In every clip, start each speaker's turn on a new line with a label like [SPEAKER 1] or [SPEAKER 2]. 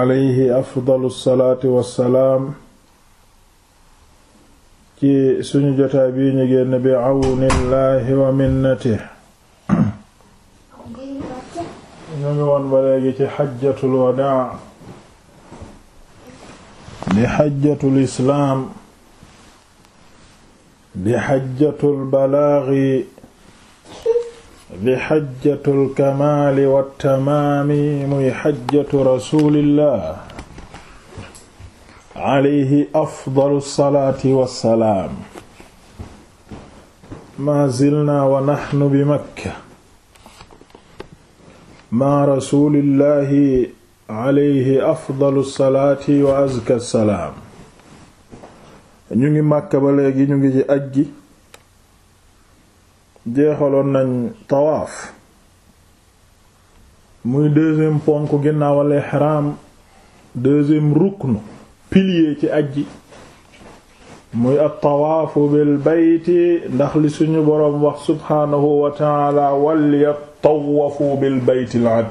[SPEAKER 1] alayhi afdalu salaati salaam ci suñu jotaay bii ñu génn bi awnillahi wa minnati ñu ngi woon ba léegi ci xajjatul wadaa di xajjatul islaam di di xajjatul kamaali wa tamaami muy xajjatu rasulillah alayhi afdalu salaati wa salaam. maa zilnaa wa naxnu bi makka. maa rasulillahi alayhi afdalu salaati wa azka salaam. ñu ngi makka ba léegi ñu ngi ci ajji. jeexaloon nañ tawaaf muy deuxième ponk ginnaawal ihraam deuxième ruknu pilier ci aj ji muy at tawaafu bil bayti ndax li suñu borom wax subhaanahu wa taala wal yattawafu bil bayti al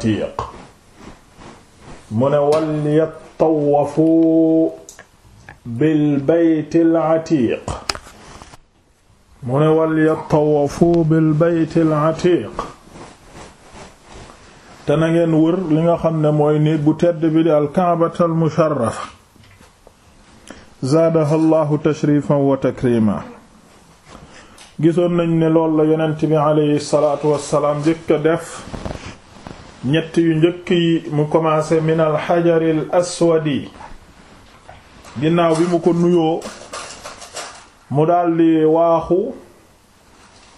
[SPEAKER 1] mu ne wal yattawafu bil bayti al mu ne wal yattawafu bil baytil atiq te na ngeen wër li nga xam ne mooy néeg bu tedd bi di al kaabatal musharrafa zaadaha llahu tashrifan wa takrima gisoon nañ ne lool la yonent bi aleyhi salaatu wassalaam njëkk def ñett yu njëkk yi mu commencé min al xajaril aswadi ginnaaw bi mu ko nuyoo mu daldi waaxu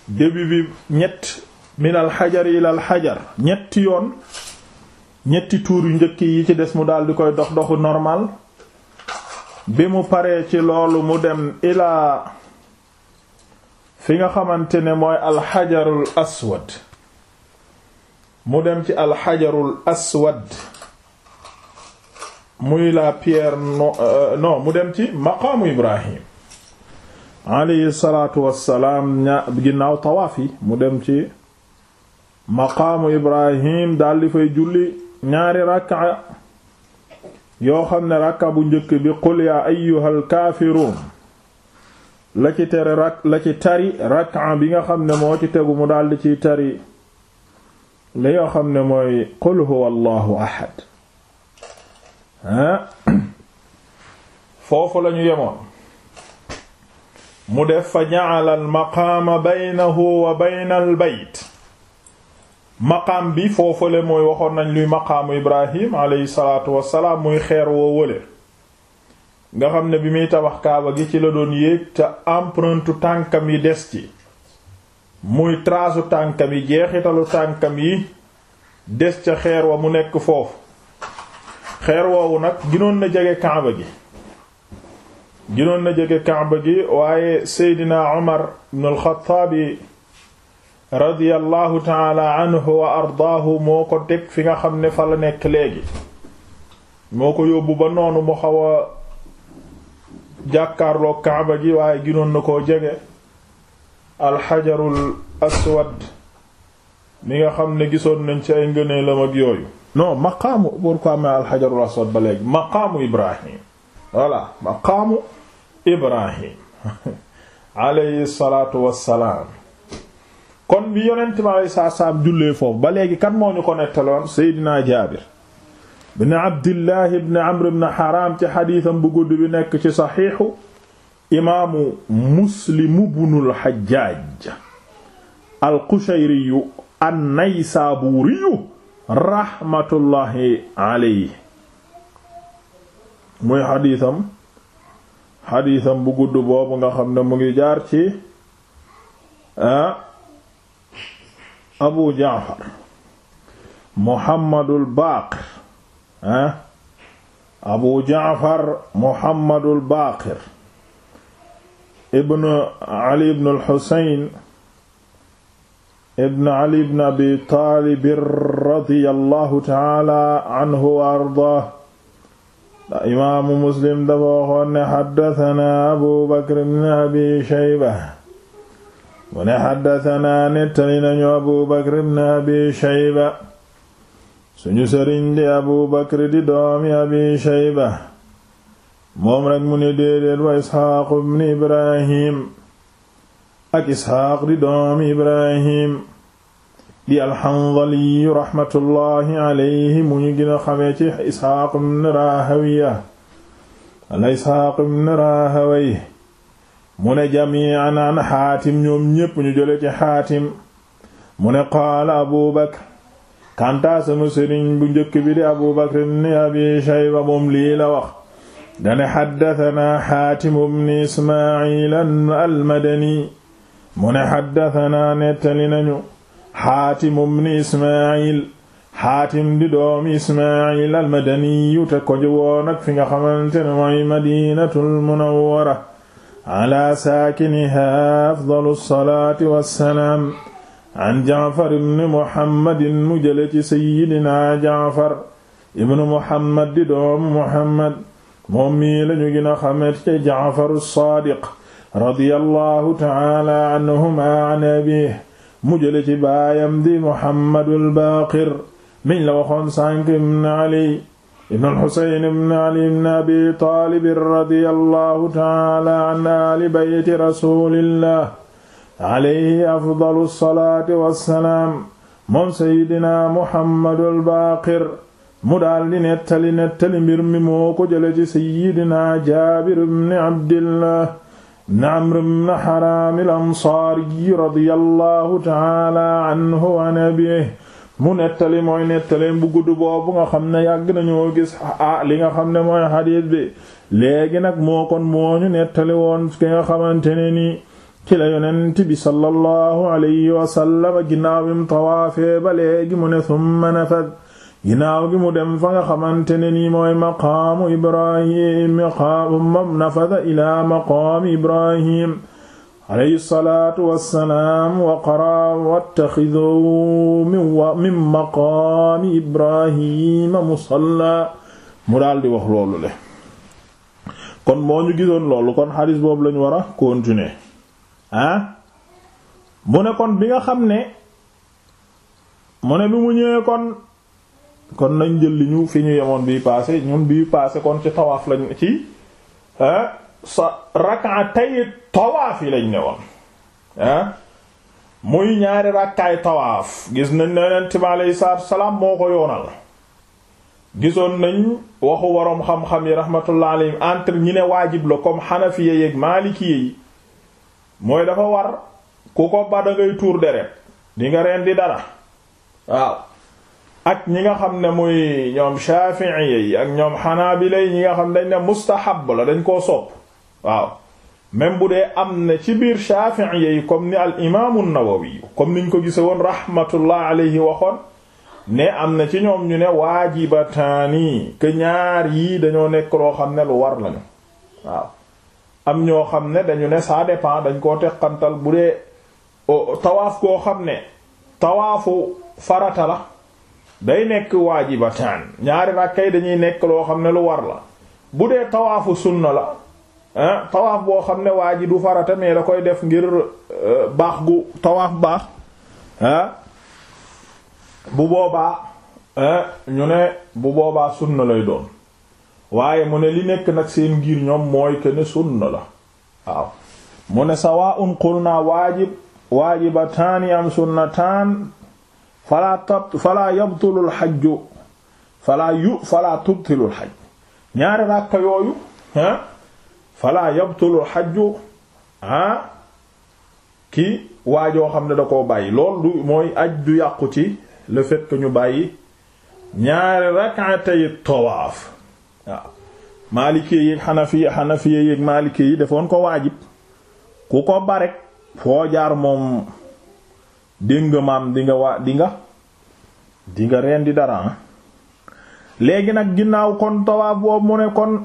[SPEAKER 1] début bi ñett min alxajar ila xajar ñetti yoon ñetti tuur yu njëkk yi ci des mu daldi koy dox doxu normal bi mu paree ci loolu mu dem ilaa fi nga xamante ne mooy alxajarul aswad mu dem ci xajarul aswad muy la pierre euh, non mu dem ci maqaamu ibrahim alayhi salaatu wassalaam ña ginnaaw tawaaf mu dem ci maqaamu ibrahim daldi fay julli ñaari rakka yoo xam ne rakka bu njëkk bi qul yaa ayyuhal kaafiruun la ci tere ci tari rakka bi nga xam ne moo ci tegu mu daldi ciy tari li nga xam ne mooy qul huwa allahu ahad ha foofu lañu yemoon mu def fa ja'ala al maqaama baynahu wa bayna al bayt bi foofale mooy waxoon nañ luy maqaamu ibrahim aleyhi salaatu wassalaam muy xeer woo wële nga xam ne bi muy tabax kaaba gi ci la doon yéeg te empreinte tànkam yi des ci muy trasu tànkam yi jeexitalu tànkam yi des ca xeer wa mu nekk foofu xeer woowu nag ginoon na jege kaaba gi ginoon na jege kaaba gi waaye seydina Umar ibn al-Khattaab radiyallahu taala anhu wa ardaahu moo ko teg fi nga xam ne fala nekk léegi moo ko yóbbu ba noonu mu xaw a jàkkaarloo kaaba gi waaye ginoon na koo jege alxajarul aswad mi nga xam ne gisoon nañ ci ay ngëneelam ak yooyu non maqaamu pourquoi mais alxajarul aswad ba léegi maqaamu ibrahim voilà maqaamu Ibrahim kon bi yonent bi alayhi salaatu wassalaam jullee foofu ba léegi kan moo ñu ko Seydina Jaabir ibn Abdillah ibn Amr ibn Haram ci xadiisam bu gudd bi nekk ci saxiixu imaamu Muslim ibnul Hajjaaj al-Qushayriyu raxmatullahi muy xadiisam xadiisam bu gudd boobu nga xam ne mu ngi jaar ci abu jaafar muhammadul baaqir ah abu jaafar muhammadul baaqir ibn ali ibn al xusayn ibn ali ibn abi taalib radiyallahu taala anhu wa ardaah imaamu muslim dafa waxoon ne xaddatanaa abu bakr ibn shayba mu ne xaddatanaa nettali nañu abu bakr ibn abi shayba suñu sëriñ di abu di doomi abi shayba moom rekk mu ne déedéet wa isxaaqu ibn ibrahim ak isxaaq di doomi ibrahim di alxandaliyu raxmatullahi alayhi mu ñu gën a xamee ci isxaaq ibn rahawiya wala isxaaq ibn rahaway mu ne jamiican an xaatim ñoom ñépp ñu jële ci xaatim mu ne qaala abu bakr kantaa sama bu njëkk bi di abu bakr shayba moom lii la wax dane xaddatanaa xaatim ibn ismail almadani mu ne xaddatanaa nettali nañu xaatim ibn ismail xaatim di doomi ismail almadaniyu te ko woon ak fi nga xamante ne mooy madinatul munawwara ala saakiniha afdalu salaati wassalaam an jaafar ibn muhammadin mu jële ci sayidina jaafar ibn muhammad di doomi muhammad moom mii lañu gën a xamet ca jaafaru saadiq radiyallahu ta'ala anhuma an abiihi mu jële ci baayam di Muhammadul Baaqir miñ la waxoon sànq ibn Ali ibn al-Husayn ibn Ali ibn Abi Taalib radiyallahu ta'ala an ahli bayti rasulillah alayhi afdalu salaati wassalaam moom sayyidina Muhammadul Baaqir mu daal di nettali nettali mbir mi moo ko jële ci sayyidina Jaabir ibn Abdillah ibn Amr ibn Haram al-Ansaari radiyallahu ta'ala anhu wa an mu nettali mooy nettaleen bu gudd boobu nga xam ne yàgg nañoo gis ah li nga xam ne mooy xadiis bi léegi nag moo kon moo ñu nettali woon ki nga xamante ne nii ci la yonent bi sallallahu alayhi wa sallam ginnaaw bi mu tawaafee ba léegi mu ne summa nafad ginaaw gi mu dem fa nga xamante ne nii mooy maqaamu ibrahim maqaamu nafada ilaa maqaamu ibrahim alayhi salaatu wassalaam wa qaraa wattaxidu min maqaami ibrahima musalla mu daal di wax loolu le kon moo ñu gisoon loolu kon xadis boobu lañu war a continuer ah mu ne kon bi nga xam ne mu ne bi mu ñëwee kon kon nañ jël li ñu fi ñu yemoon bii passé ñun bii passé kon ci tawaaf lañu ci sa rak'atay tawaaf yi lañ ne woon muy ñaari rakkaay tawaaf gis nañ ne yonent bi aleyhi salaatu salaam moo ko yoonal gisoon nañ waxu waroom xam-xam yi rahmatullah alayhim entre ñi ne waajib la comme xanafiya yeeg maalikiya yi mooy dafa war ku ko ba da tuur deret di nga reen di dara waaw ak ñi nga xam ne muy ñoom Shafi'iyya yi ak ñoom Hanabila yi ñi nga xam dañ ne mustahab la dañ koo sopp waaw même bu dee am na ci biir Shafi'iyya yi comme ni al imaamu Nawawi comme niñ ko gise woon rahmatullah alayhi waxoon ne am na ci ñoom ñu ne waajibataani que ñaar yii dañoo nekk loo xam ne lu war lañu waaw am ñoo xam ne dañu ne ça dépend dañ koo teqantal bu dee tawaaf koo xam ne tawaafu farata la day nekk waajibataan ñaari rakkay dañuy nekk loo xam ne lu war la bu dee tawaafu sunna la ah tawaaf boo xam ne waa ji du farata mais da koy def ngir euh, baax gu tawaaf baax bu boobaa ñu ne bu boobaa sunna lay doon waaye mu ne li nekk nag seen ngir ñoom mooy que sunna la waaw mu ne sawaa'un qulna waajib waajibataani am sunnataan falaa tab falaa yabtulul xajju falaa yu falaa tubtilul xaj ñaari ràkka yooyu ah falaa yabtulul xajju ah ki waajoo xam ne da koo bàyyi lool du mooy aj du yàqu ci le fait ñu bàyyi ñaari rak'atay tawaaf maalikee yi xanafi xanafi yi maalikee yi defoon ko waajib ku ko barek foo jaar moom dégg nga maam di nga waa di nga di reen di dara ah. léegi nag ginnaaw kon tawaaf boobu mu ne kon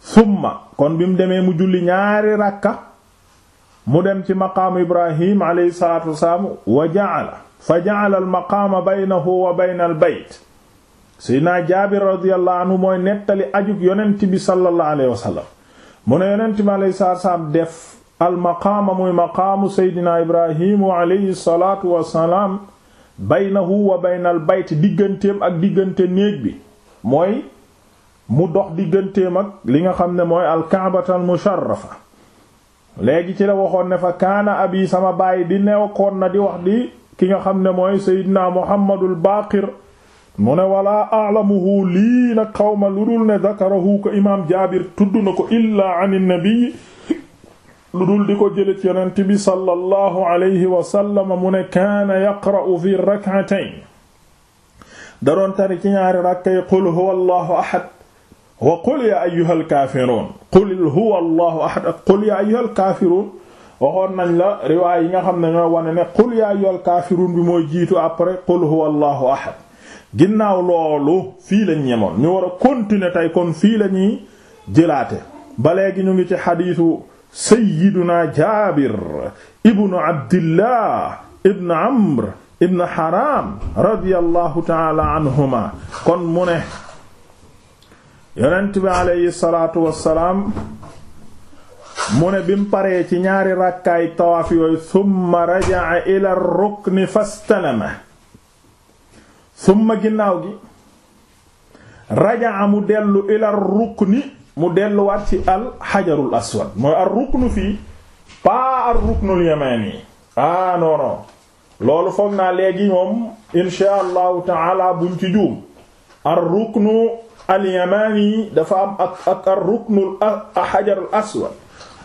[SPEAKER 1] summa kon bi mu demee mu julli ñaari ràkka mu dem ci maqaamu ibrahim alayhi salaatu wasalaam wa ja'ala fa ja'ala al maqaama baynahu wa bayna al bayt seydinaa jaabir radiyallahu anhu mooy nettali ajug yonent bi sallallahu alayhi wasallam mu ne yonent bi alayhi salaatu wasalaam def almaqaama muy maqaamu seydina ibrahimu alayhi salaatu wasalaam baynahu wa baynal bayt digganteem ak diggante néeg bi mooy mu dox digganteem ak li nga xam ne mooy alkaabatal musharrafa léegi ci la waxoon ne fa kaana abi sama baay di newakoon na di wax di ki nga xam ne mooy seydina muhammadul baaqir mu ne walaa a'lamuhu lii nag xawma lu dul ne dakarahu ko imaam jaabir tudd na ko illaa an nabi lu dul di ko jële ci bi sallallahu alayhi wa sallam mu ne kaana yaqra'u fi rak'atayn da tari ci ñaari rakkay qul huwa allahu ahad wa qul ya ayyuhal kaafiruun qul huwa allahu ahad qul ya ayyuhal kaafiruun nañ la riwaay yi nga xam ne ñooy wane ne qul ya ayyuhal kaafiruun bi mooy jiitu après qul huwa allahu ahad ginnaaw loolu fii lañ ñemoon ñu war a continuer kon fii la ñuy jëlaate ba léegi ñu ngi ci xadiisu sayyiduna jaabir ibnu abdillah ibnu amr ibnu haram radiyallahu taala anhuma kon mu ne yonent bi aleyhi salaatu wassalaam mu ne bi ci ñaari rakkaay tawaaf yooyu summa raja'a ila rukni fastalama summa ginnaaw gi raja'a mu dellu ila rukni mu delluwaat ci al xajarul aswad mooy ar ruknu fii pas ar ruknul yamani ah non non loolu foog naa léegi moom insha allahu taala buñ ci juum ar ruknu al yamani dafa am ak ak ar ruknul aswad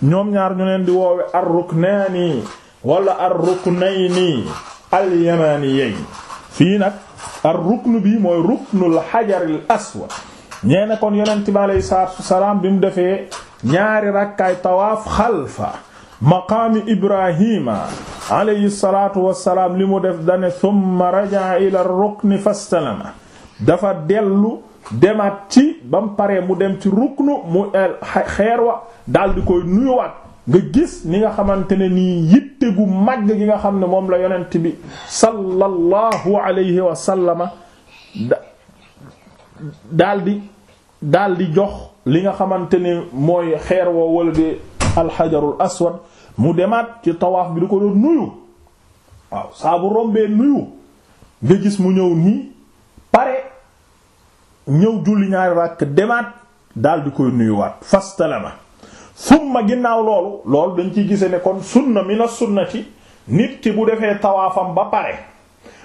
[SPEAKER 1] ñoom ñaar ñu leen di woowe ar ruknaani wala ar ruknayni al yamaniyeyn fii nag ar ruknu bi mooy ruknul xajaril aswad ñee ne kon yonent bi aleyhi salaatu salaam bi mu defee ñaari rakkaay tawaaf xalfa maqaami ibrahima aleyhi salaatu salaam li mu def dane thumma rajaa ila rukni fastalama dafa dellu demaat ci ba mu paree mu dem ci ruknu mu eh, xeer wa daldi di koy nuyuwaat nga gis ni nga xamante ne nii yitte gu màgg gi nga xam ne moom la yonent bi sallallahu alayhi wa daldi daldi jox li nga xamante ne mooy xeer woo wala di alxajarul aswad mu demaat ci tawaaf bi du ko doon nuyu waaw saa bu rombee nuyu nga gis mu ñëw nii pare ñëw julli ñaari ràkk demaat daldi koy nuyuwaat fastalama summa ginnaaw loolu lool dañ ciy gise ne kon sunna mina sunnati nit ci bu defee tawaafam ba pare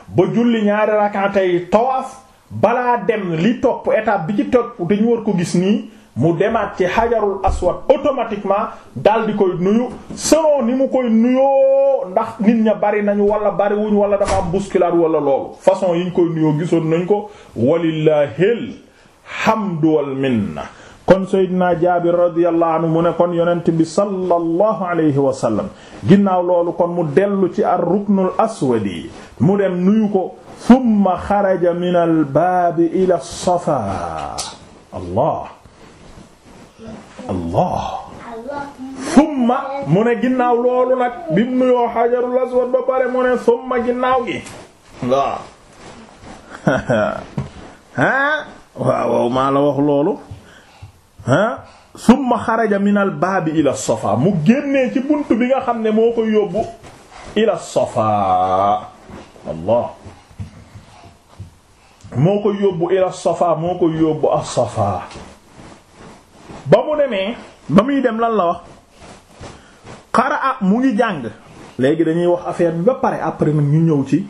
[SPEAKER 1] ba julli ñaari ràkkaatay tawaaf balaa dem li topp étape bi ci topp te war ko gis nii mu demaat ci xajarul aswad automatiquement daal di koy nuyu selon ni mu koy nuyoo ndax nit ña bari nañu wala bari wuñ wala dafa am bousculade wala loolu façon yi ñu koy nuyoo gisoon nañ ko walillahil hamdu wal minna kon Seydina Jaabir radiyallahu anhu mu ne kon yonent bi sallallahu alayhi wa ginnaaw loolu kon mu dellu ci ar ruknul aswadi mu dem nuyu ko summa xaraja min al baabi ila safa allah allah summa mu ne ginnaaw loolu nag bi mu nuyoo xajarul aswad ba pare mu ne summa ginnaaw gi waaw ah waaw maa la wax loolu ah summa xaraja min al baabi ila safa mu génnee ci bunt bi nga xam ne moo koy yóbbu ila safa allah moo ko yóbbu ila safa moo ko yóbbu a safa ba mu demee ba muy dem lan la wax qaraa mu ngi jàng léegi dañuy wax affaire bi ba pare après nag ñu ñëw ci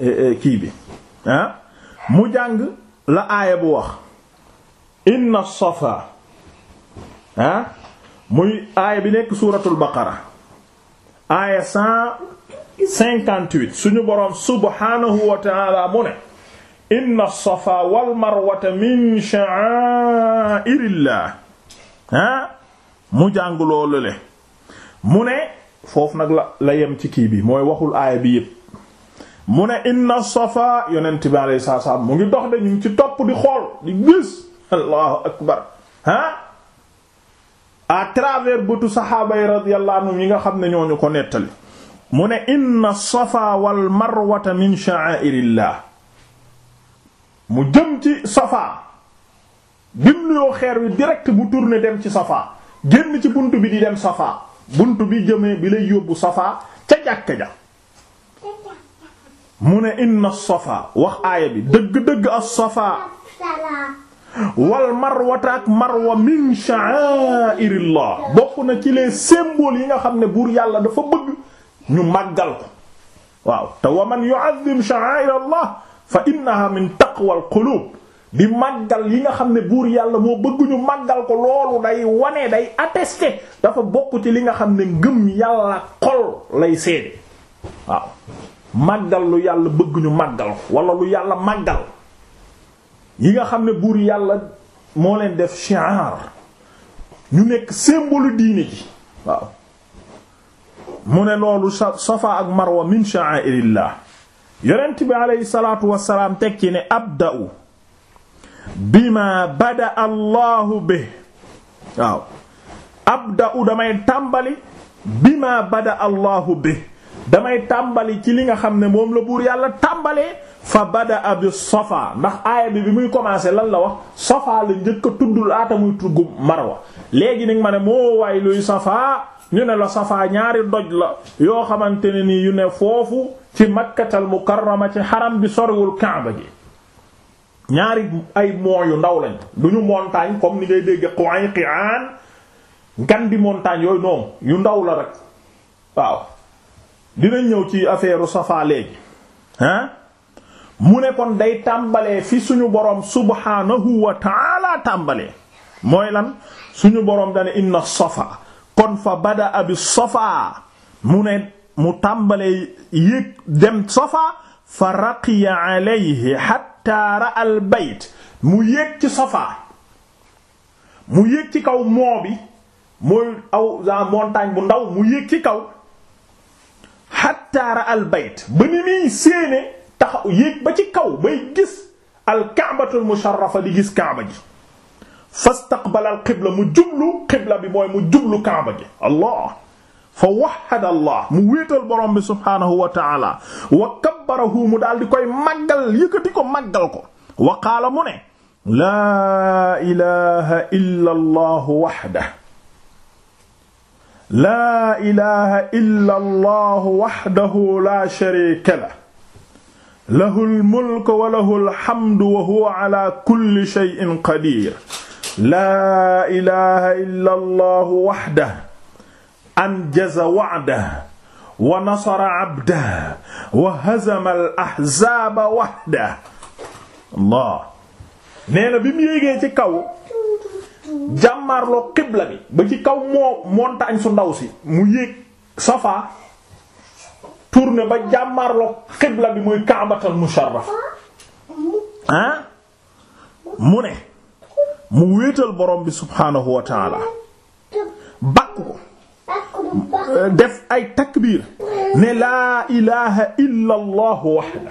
[SPEAKER 1] eh, eh, kii bi ah? mu jàng la aaya bu wax inna a ah muy aaya bi nekk suuratul baqara aaya cent cinquante suñu boroom subhaanahu wa ta'ala mu ne inna as-safa wal marwata min sha'a'irillah ah mu jàng loolu le mu ne foofu nag la la yem ci kii bi mooy waxul aaya bi yépp mu ne inna as-safa yonent bi alayhi salaam mu ngi dox de ñu ngi ci topp di xool di gis allahu akbar ah à travers bëtu saxaaba yi radiyallahu anhum yi nga xam ne ñooñu ko nettali mu ne inna as-safa wal marwata min sha'a'irillah mu jëm ci Safa bim nuyoo xeer wi direct bu turne dem ci Safa génn ci bunt bi di dem Safa bunt bi jëmee bi lay yóbbu Safa ca jàkka ja mu ne inna Safa wax aaya bi dëgg-dëgg as-Safa wal marwata ak marwa min sha'airillah bokk na ci les symboles yi nga xam ne buur yàlla dafa bëgg ñu màggal ko waaw te wa man yu'azzim sha'airallah fa innaha min taqwal qulub di màggal yi nga xam ne buur yàlla moo bëgguñu màggal ko loolu day wane day attesté dafa bokk ci li nga xam ne ngëm yàlla xol lay seede waaw màggal lu yàlla bëgguñu màggal ko wala lu yàlla màggal yi nga xam ne buur yàlla moo leen def shi'ar ñu nekk symbole diine ji waaw mu ne loolu safa ak marwa min sha'airillah yonent bi aleyhi salaatu wasalaam teg ci ne abda'u bima bada allahu bi waaw abda'u damay tàmbali bima bada allahu bi damay tàmbali ci li nga xam ne moom la buur yàlla tàmbalee fa bada bi safa ndax aaya bi bi muy commencé lan la wax safa la njëkk a tudd laata muy tugg marwa léegi nag ma ne moo waay luy safa ñu ne la safaa ñaari doj la yoo xamante ne nii yu ne foofu ci makkatal mukarrama ci xaram bi soriwul kàmba ji ñaari ay moo yu ndaw lañ duñu montaañ kom ni ngay dégg Qurayqaan gan di montagne yooyu noonu yu ndaw la rek waaw dinañ ñëw ci affaire safa léegi mu ne kon day tàmbalee fi suñu boroom subhaanahu wa taala tàmbalee mooy lan suñu boroom dane inna safa kon fa bada abi safaa mu ne mu tàmbalee yéeg dem safaa fa raqiya alayhi hatta ra al mu yéeg ci safaa mu yéeg ci kaw moo bi mooy aw la bu ndaw mu yéeg ci kaw hatta ra al bayt ba ni muy séene taxaw yéeg ba ci kaw bay gis al ka'batul musharrafa di gis kaaba ji fastaqbala al qibla mu jublu qibla bi mooy mu jublu kaaba gi allah fa wahhada allah mu wéetal borom bi subhaanahu wa taala wa kabbarahu mu daal di koy màggal yëkkati ko màggal ko wa qaala mu ne laa ilaha illa allah wahdahu laa ilaha illa allah wahdahu la sharika lahu lahu al mulku wa lahu al hamdu wa huwa ala kulli shay'in qadir laa ilaha illa allahu waxdah anjaza wa'dah wa nasara abdah wa hazama al ahzaaba waxdah bi mu yéegee ci kaw jàmmaarloo xibla bi ba ci kaw moo montagne su ndaw si mu yéeg safa tourné ba jàmmaarloo xibla bi muy kaabatal musharraf ah mu ne mu wéetal borom bi subhaanahu wa taala bakk def ay takbiir ne laa ilaha illa allahu waxda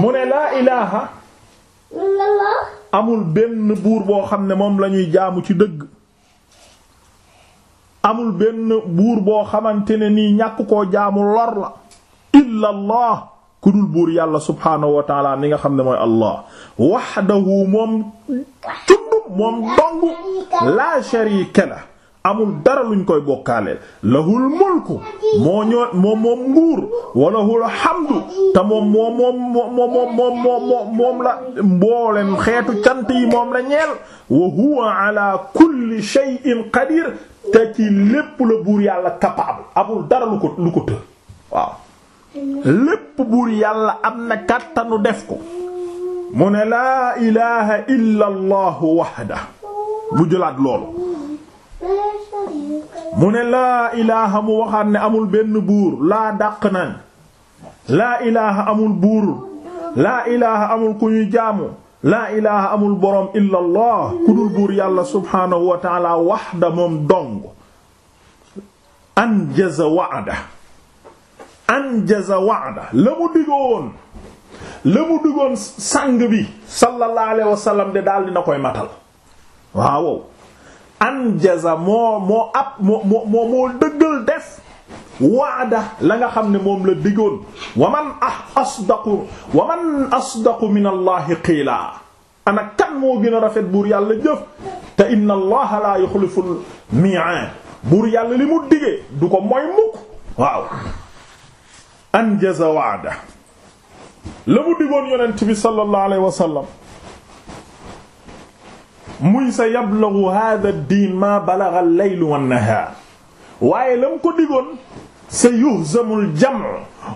[SPEAKER 1] mu ne laa ilaha amul benn buur boo xam ne moom lañuy jaamu ci dëgg amul benn buur boo xamante ne nii ñàkk koo jaamu lor la illa ku dul buur yàlla subhaanahu wa taala ni nga xam ne mooy allah waxdahu moom tuddum moom dong la sharika la amul dara luñ koy bokkaaleel lahul mulku moo moom nguur wa lahul hamdu te moom la mboolem xeetu cant yi moom la ñeel wa huwa ala kulli shay'in qadir te ci lépp la buur yàlla capable amul dara lu ko të lépp buur yàlla am na kàttanu def ko mu ne laa ilaha illa allahu waxda mu jëlaat loolu mu ne laa ilaha mu waxaat ne amul benn buur laa dàq nañ laa ilaha amul buur laa ilaha amul ku ñuy jaamu laa ilaha amul boroom illa allah ku dul buur yàlla subhaanahu wa taala moom dong anjaza wa'da anjaza wa'da la mu digoon la mu digoon sang bi sallallahu alayhi wa de daal dina koy matal waaw anjaza moo moo ab moo moo dëggal def waada la nga xam ne moom la digoon wa man ah, asdaqu wa man asdaqu min allahi qiilaa ana kan moo gën rafet buur yàlla jëf te inna allaha la yuxlifu al buur yàlla li mu digee du ko mooy mukk waaw anjaza waada la mu digoon yonent bi sallallahu alayhi wa muy sa yablagu hada diin maa balagha al-laylu wan-nahaar waaye la mu ko digoon sa yuhzamu al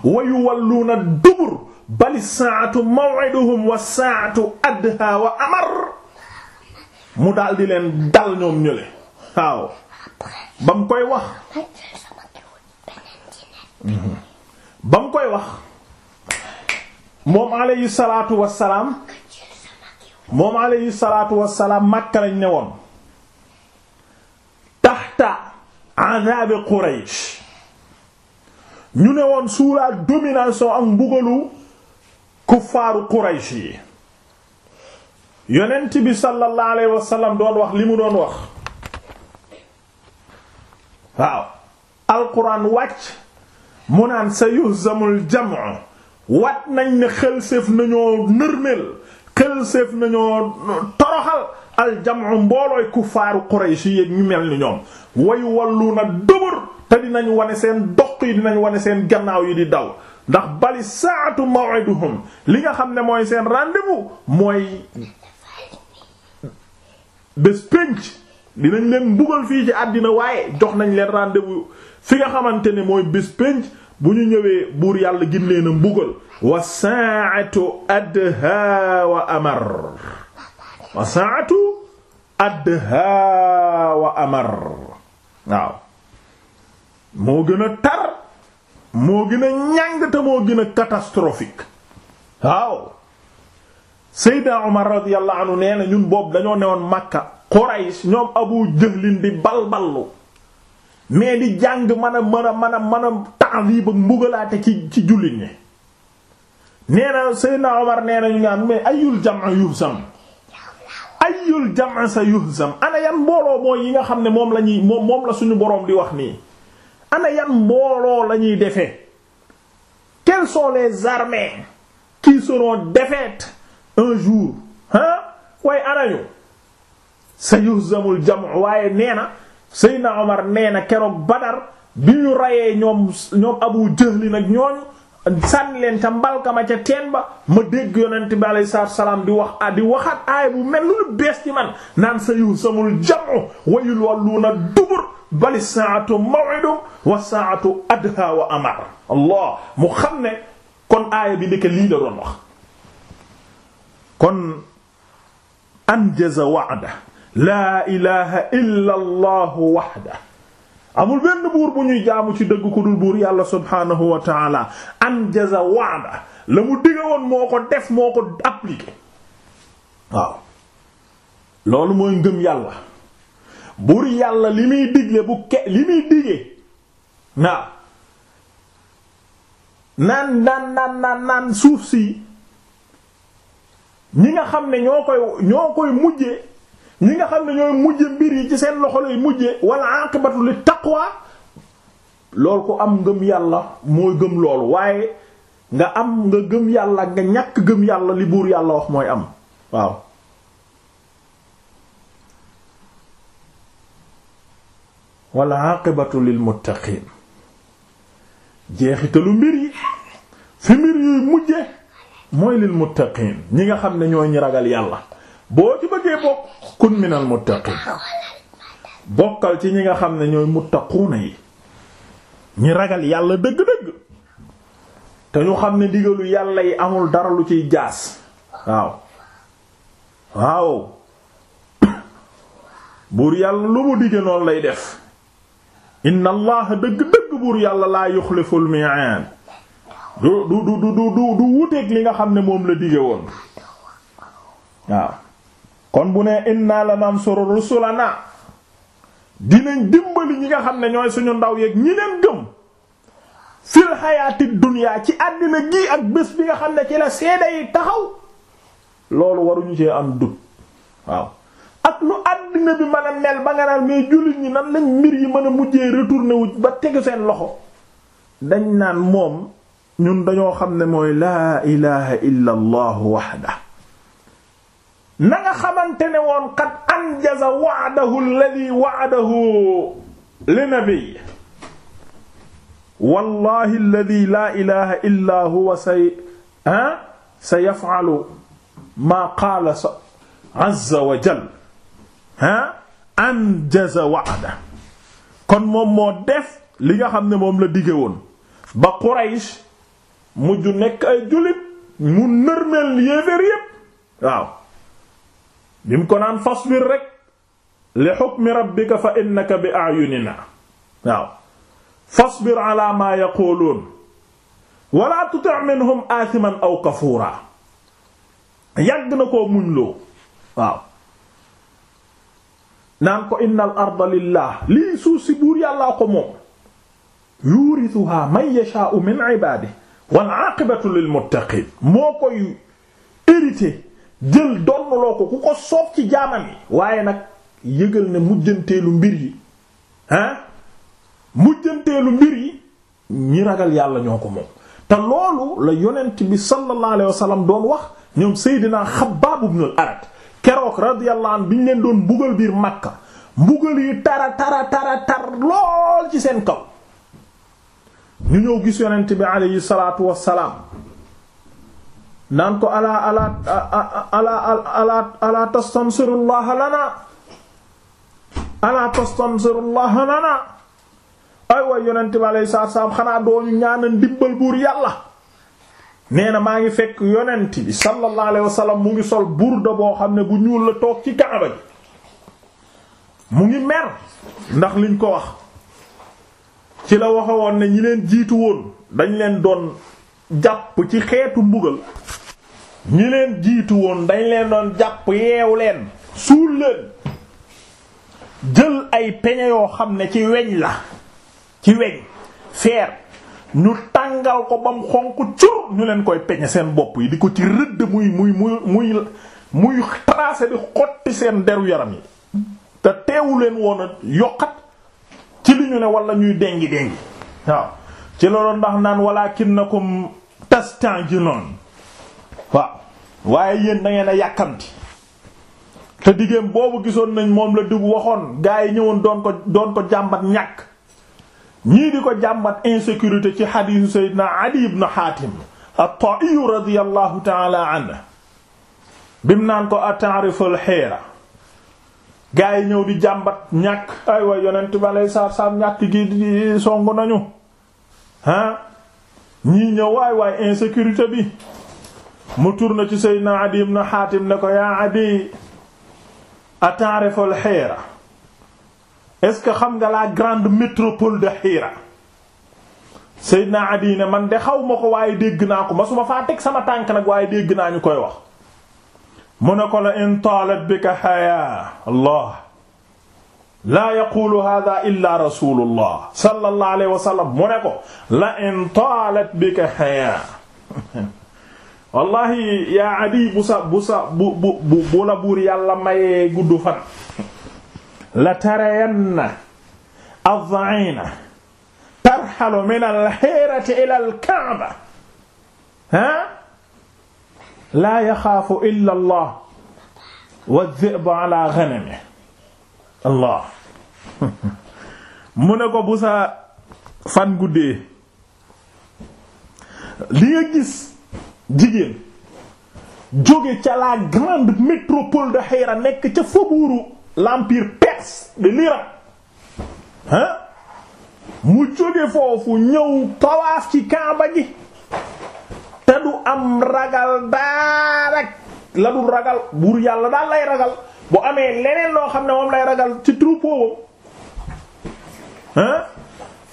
[SPEAKER 1] wa yuwalluuna ad-dubur bal as-saa'atu adhaa wa amar mu daal leen dal ñoom koy wax. ba mu koy wax moom alayhi salaatu wassalaam moom alayhi salaatu wassalaam Makka lañ ne woon tahta azaabi Quraysh ñu ne woon sous la domination ak mbugalu kuffaaru Quraysh yi yonent bi sallallahu doon wax li mu doon wax waaw alquran wàcc mu naan sa yuhzamul jam'u wat nañ ne xelséef nañoo nërmeel xelséef nañoo toroxal aljam'u mboolooy kuffaaru Quraysh yi ñu mel ni ñoom way wallu na dubur te dinañ wane seen doq yi dinañ wane seen gannaaw yi di daw ndax bali saatu maw'iduhum li nga xam ne mooy seen rendez mooy bés pénc dinañ leen buggal fii ci àddina waaye jox nañ leen rendez-vous fi nga xamante ni mooy bés pénc bu ñu ñëwee buur yàlla gin leen a mbugal wa saatu adha wa amar wa saatu adha wa amar waaw moo gën a tar moo gën a ñàng te moo gën a catastrophique waaw Seydina Omar radiyallahu nee na ñun boobu dañoo newoon Makka Quraysh ñoom Abu Jahlin di balballu mais di jàng mën a mën a mën a mën a ta'dib mbugalaate ci ci jullit ñi nee na Seydina Omar nee na ñu ngaan mais ayul jam'a yuhzam ayul jam'a sa yuhzam ana yan mbooloo mooy yi nga xam ne moom la ñuy moom la suñu boroom di wax nii ana yan mbooloo lañuy defe defee quelles sont les armées qui seront défaites un jour ah waaye ana ñu sa yuhzamul jam' waaye nee na Seydina Omar nee na keroog Badar bi ñu rayee ñoom ñoom Abu Jahl nag ñooñu sànni leen ca mbalkama ca teen ba ma dégg yonent bi alayhi salaam di wax ah di waxaat aaya bu mel lu bees ci man naan sa yu samul jam'u wa yuwalluuna dubur bali saatu maw'idum wa saatu adha wa amar allah mu xam ne kon aaya bi ndeke lii la doon wax kon anjaza wa'da laa ilaha illa waxda amul benn buur bu ñuy jaamu ci dëgg ku dul buur yàlla subhaanahu wa taala waada la mu digga woon moo ko def moo ko appliqué waaw loolu mooy ngëm yàlla buur yàlla li muy digle bu ke li muy digee waaw naan naan naan naan suuf si ñi nga xam ne ñoo koy ñoo koy mujjee ñi nga xam ne ñooy mujje mbir yi ci seen loxo lay mujje wal aqibatu li taqwa loolu ko am gëm yàlla mooy gëm loolu waaye nga am nga gëm yàlla nga ñàkk gëm yàlla li buur yàlla wax mooy am waaw wal aqibatu lil muttaqin jeexitalu mbir yi fi mbir yuy mujje mooy lil muttaqin ñi nga xam ne ñooy ñi ragal yàlla boo ci bëggee bokk kun minal muttaqin bokkal ci ñi nga xam ne ñooy muttaquuna yi ñi ragal yàlla dëgg-dëgg te ñu xam ne digalu yàlla yi amul dara lu ciy jaas waaw waaw buur yàlla lu mu dige noonu lay def inna allaha dëgg-dëgg buur yàlla laa yuxliful mi'ad du du du du du wuteeg li nga xam ne moom la dige woon waaw kon bu nee inna la nansuru rusulana dinañ dimbali ñi nga xam ne ñooy suñu ndaw yeeg ñi leen gëm fil xayaati dunya ci àddina gi ak bés bi nga xam ne ci la seede yi taxaw loolu waruñu cee am dut waaw ak lu àddina bi mën a mel ba nga naan mais jullit ñi nan lañ mbir yi mën a mujjee retourné wu ba tegu seen loxo dañ naan moom ñun dañoo xam ne mooy laa ilaha illa waxda na nga xamante ne woon qad anjaza wa'dahu alladhi wa'adahu li nabiyyi wallahi alladhi la ilaha illa huwa say ah sayaf'alu ma qaala azza wa jalla ah anjaza wa'dahu kon moom moo def li nga xam ne moom la dige woon ba Quraysh mujj nekk ay jullit mu nërmeel yéeféer yépp waaw bi mu ko naan fasbir rek li hukmi rabbika fa innaka bi a'yunina waaw fasbir ala ma yaqulun wala tuti' minhum aathiman aw kafuura yàgg na koo muñ loo waaw naan ko innal arda lillah lii suuf si buur yàllaa ko moom yurithuha man yashaa'u min ibaadihi wal aaqibatu lil muttaqiin moo koy hérité jël donnaloo ko ku ko soob ci jaamam yi waaye nag yëgal ne mujjanteelu mbir yi ah mujjanteelu mbir yi ñi ragal yàlla ñoo ko moom te loolu la yonent bi sallallahu alayhi wasallam doon wax ñoom Seydina Xabbaab bi ñu leen doon mbugal biir Makka mbugal yi tara tara tara tar lool ci seen kaw ñu ñëw gis yonent bi alayhi salaatu wassalaam naan ko alaa alaa alaa alaa alaa tastansirullaha lana alaa tastansirullaha lana ay waay yonente bi alayhi salaam xanaa dooñu ñaana ndimbal buur yàlla nee na maa ngi fekk yonent bi sallallahu mu ngi sol burda boo xam ne bu ñuul la toog ci kaaba mu ngi mer ndax liñ ko wax ci la waxe woon ne ñi leen jiitu woon dañ leen doon jàpp ci xeetu mbugal ñi leen jiitu woon dañ leen doon jàpp yeew leen suul leen jël ay peñe yoo xam ne ci weñ la ci weñ feer ñu tàngal ko bam xonq cur ñu leen koy peñe seen bopp yi di ko ci rëdd muy muy muy muy muy di xotti seen deru yaram yi te teewu leen woon a yokkat ci li ñu ne walla ñuy dengi dengi waaw ci la doon ndax naan walaakinnakum tastanjiloon waaw waaye yéen da ngeen a yàkkamti te diggéem boobu gisoon nañ moom la dugg waxoon gaa yi ñëwoon doon ko doon ko jàmbat ñàkk ñii di ko jàmbat insécurité ci xadiisu Seydina Adi ibn Xaatim at-Ta'i radiyallahu ta'ala anhu bim naan ko ata'riful xiira gaa yi ñëw di jàmbat ñàkk aywa yonent bi alayhi salaam ñàkk gi songu nañu ah ñii ñëw waay waay insécurité bi mu tourne ci Seydina Adi na Hatim ne ko yaa Adi ata'rifu al-Hira est-ce que xam nga laa grande métropole de Hira Seydina Adi ne man de xaw ma ko waaye dégg naa ko masuma faa teg sama tànk nag waaye dégg naa ñu koy wax mu ne ko la in talat bika haya Allah laa yaqulu hada illa rasulullah sallallahu alayhi wa sallam mu ne ko la in taalat bika haya wallahi yaa adi bu sa bu sa bu bu bu la buur yàlla mayee gudd fan la tarayanna ad'ina tarhalu min al-hirati ila al-ka'ba ha laa yaxaafu illa allah wa dhi'bu ala ghanamihi allah mu ne ko bu sa fan guddee li nga gis jigéen jóge ca la grande métropole de Hira nekk ca faubourg l'empire perse de l'Iran hein mu jóge foofu ñëw tawaaf ci kaaba gi te du am ragal daal rek la du ragal buur yàlla daal lay ragal bu amee leneen loo xam ne moom lay ragal ci troupeau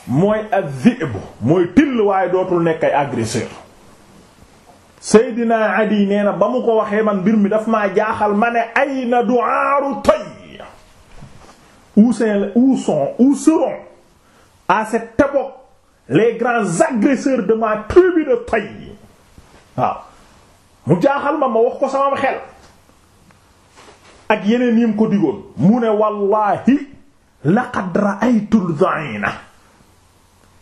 [SPEAKER 1] mooy az-zi'b mooy till waaye dootul nekk ay agresseur Seydina Adi nee na ba mu ko waxee man mbir mi dafa maa jaaxal ma ne ay du'aaru Tayy où sont où sont où seront à les grands agresseurs de ma tribu de waaw mu jaaxal ma ma wax ko sama xel ak yeneen yim ko digoon mu ne wallaahi laqad ra'aytul dha'ina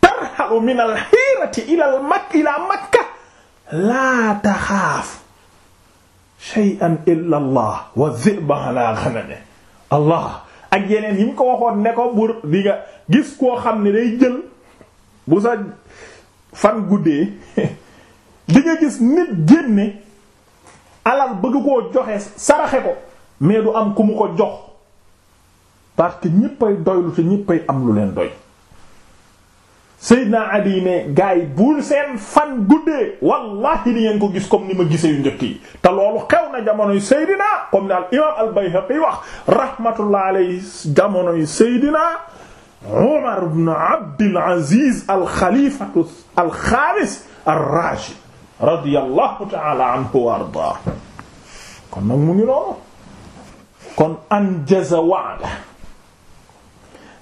[SPEAKER 1] tarhalu min al-hirati ila al-makka ila taxaaf shay'an illa allah wa dhi'ba ala ghanami allah ak yeneen yi mu ko waxoon ne ko bur di nga gis koo xam ne day jël bu sa fan guddee di gis nit génne alal bëgg koo joxe saraxe ko mais du am ku mu ko jox parce que ñëppay doylu te ñëppay am lu leen doy Seydina Ali ne seen fan guddee wallahi ni ngeen ko gis comme ni ma gise yu njëkk yi te loolu xew na jamonoy Seydina comme ni al imaam al Bayhaqi wax rahmatullah alayhi jamonoy Seydina Umar ibn Abdul Aziz al xalifatu al xaamis ar rashid radiyallahu ta'ala anhu wa kon nag mu ngi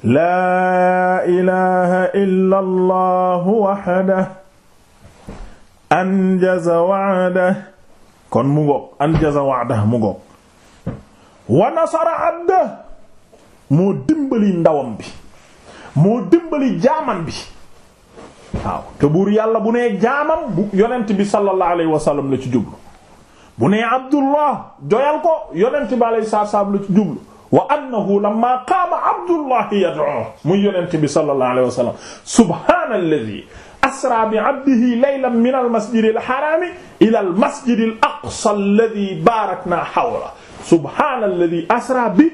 [SPEAKER 1] la ilaha illa allahu waxdah anjaza wa'dah kon mu ngoog anjaza wa'dah mu ngoog wa nasara abdah moo dimbali ndawam bi moo dimbali jaamam bi waaw te buur yàlla bu nee jaamam bu yonent bi sallallahu alayhi wa la ci jublu bu nee abdullah doyal ko yonent bi alayhi salaam la ci jublu wa annahu lamma qaama abdullahi yad'uhu muy yonent bi sallallahu alayhi wa sallam subhaanalladhi asra bi abdihi laylan min almasjidi alxaraami ila almasjidi alaqsa alladhi baarakna hawlahu subhaanalladhi asra bi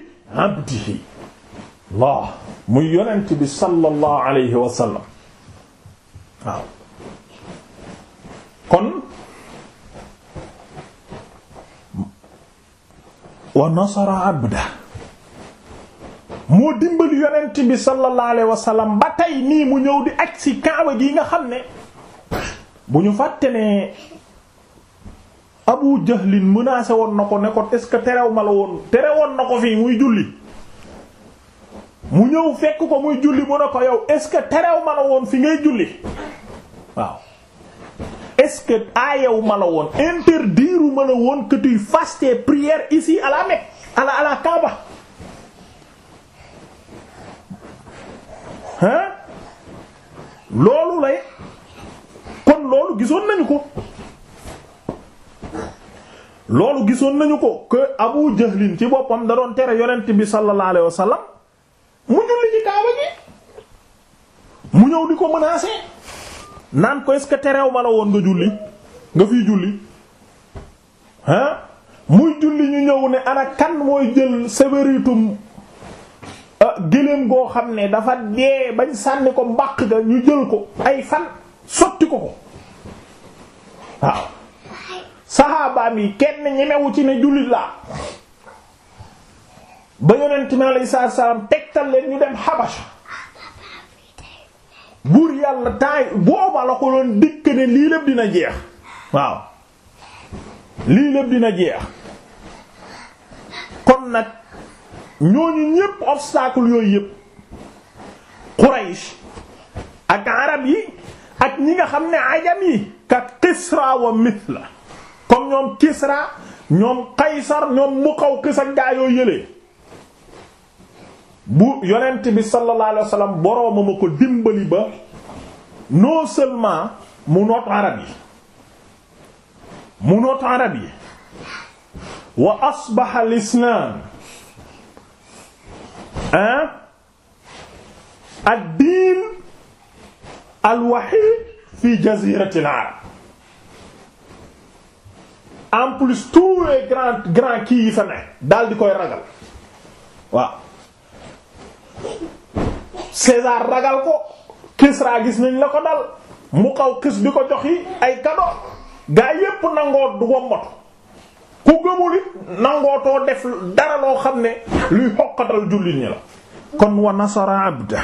[SPEAKER 1] abdihi Allah muy yonent bi sallallahu alayhi wa sallam waaw kon wa nasara abdahu moo dimbali yonent bi sallallahu alayhi wa sallam ba tey nii mu ñëw di aj si kaaba gi nga xam ne bu ñu fàtte ne Abu Jahlin menacé woon na ko ne ko est-ce que terew ma la woon tere woon na ko fii muy julli mu ñëw fekk ko muy julli mu ne ko yow est-ce que terew ma la woon fi ngay julli waaw est-ce que aayew ma la woon interdiru ma la woon que tu fasses tes prières ici à la Kaaba hein loolu lay kon loolu gisoon nañu ko loolu gisoon nañu ko que Abu Jahlin ci boppam da doon tere yonent bi sallallahu alayhi wasallam mu julli ci kaaba gi mu ñëw di ko menacer naan ko est-ce que terew ma la woon nga julli nga fiy julli hein muy julli ñu ñëw ne ana kan mooy jël severitum Ah, gëléem goo xam ne dafa dee bañ sànni ko mbàq ga ñu jël ko ay fan sotti ko ko waaw saxaabaam yi kenn ñemewu ci ne jullit laa ba yonent mi alayhi salaatu salaam tegtal leen ñu dem Habasha buur yàlla taay booba la ko doon dikk ne lii lépp dina jeex waaw lii lépp dina jeex kon nag ñooñu ñépp obstacle yooyu yépp Quraysh ak arab yi ak ñi nga xam ne ajam yi ka Kisra wa mithla comme ñoom Kisra ñoom Qaysar ñoom Muqawqis ak gaa yoo yëlee bu yonent bi sallallahu wa sallam borooma ma dimbali ba non seulement mu noot arab yi mu noot arab yi wa asbaha al ah ad diin al wahiid fi jaziratil en plus tous les grands grands kii yi fa ne daal di koy ragal waaw César ragal ko Kisra gis nañ la ko dal mu kaw kis bi ko jox yi ay kado gaa yépp nangoo du wommatu ku gëmul nangootoo def dara loo xam ne luy xoqatal jullit la kon wa nasara abda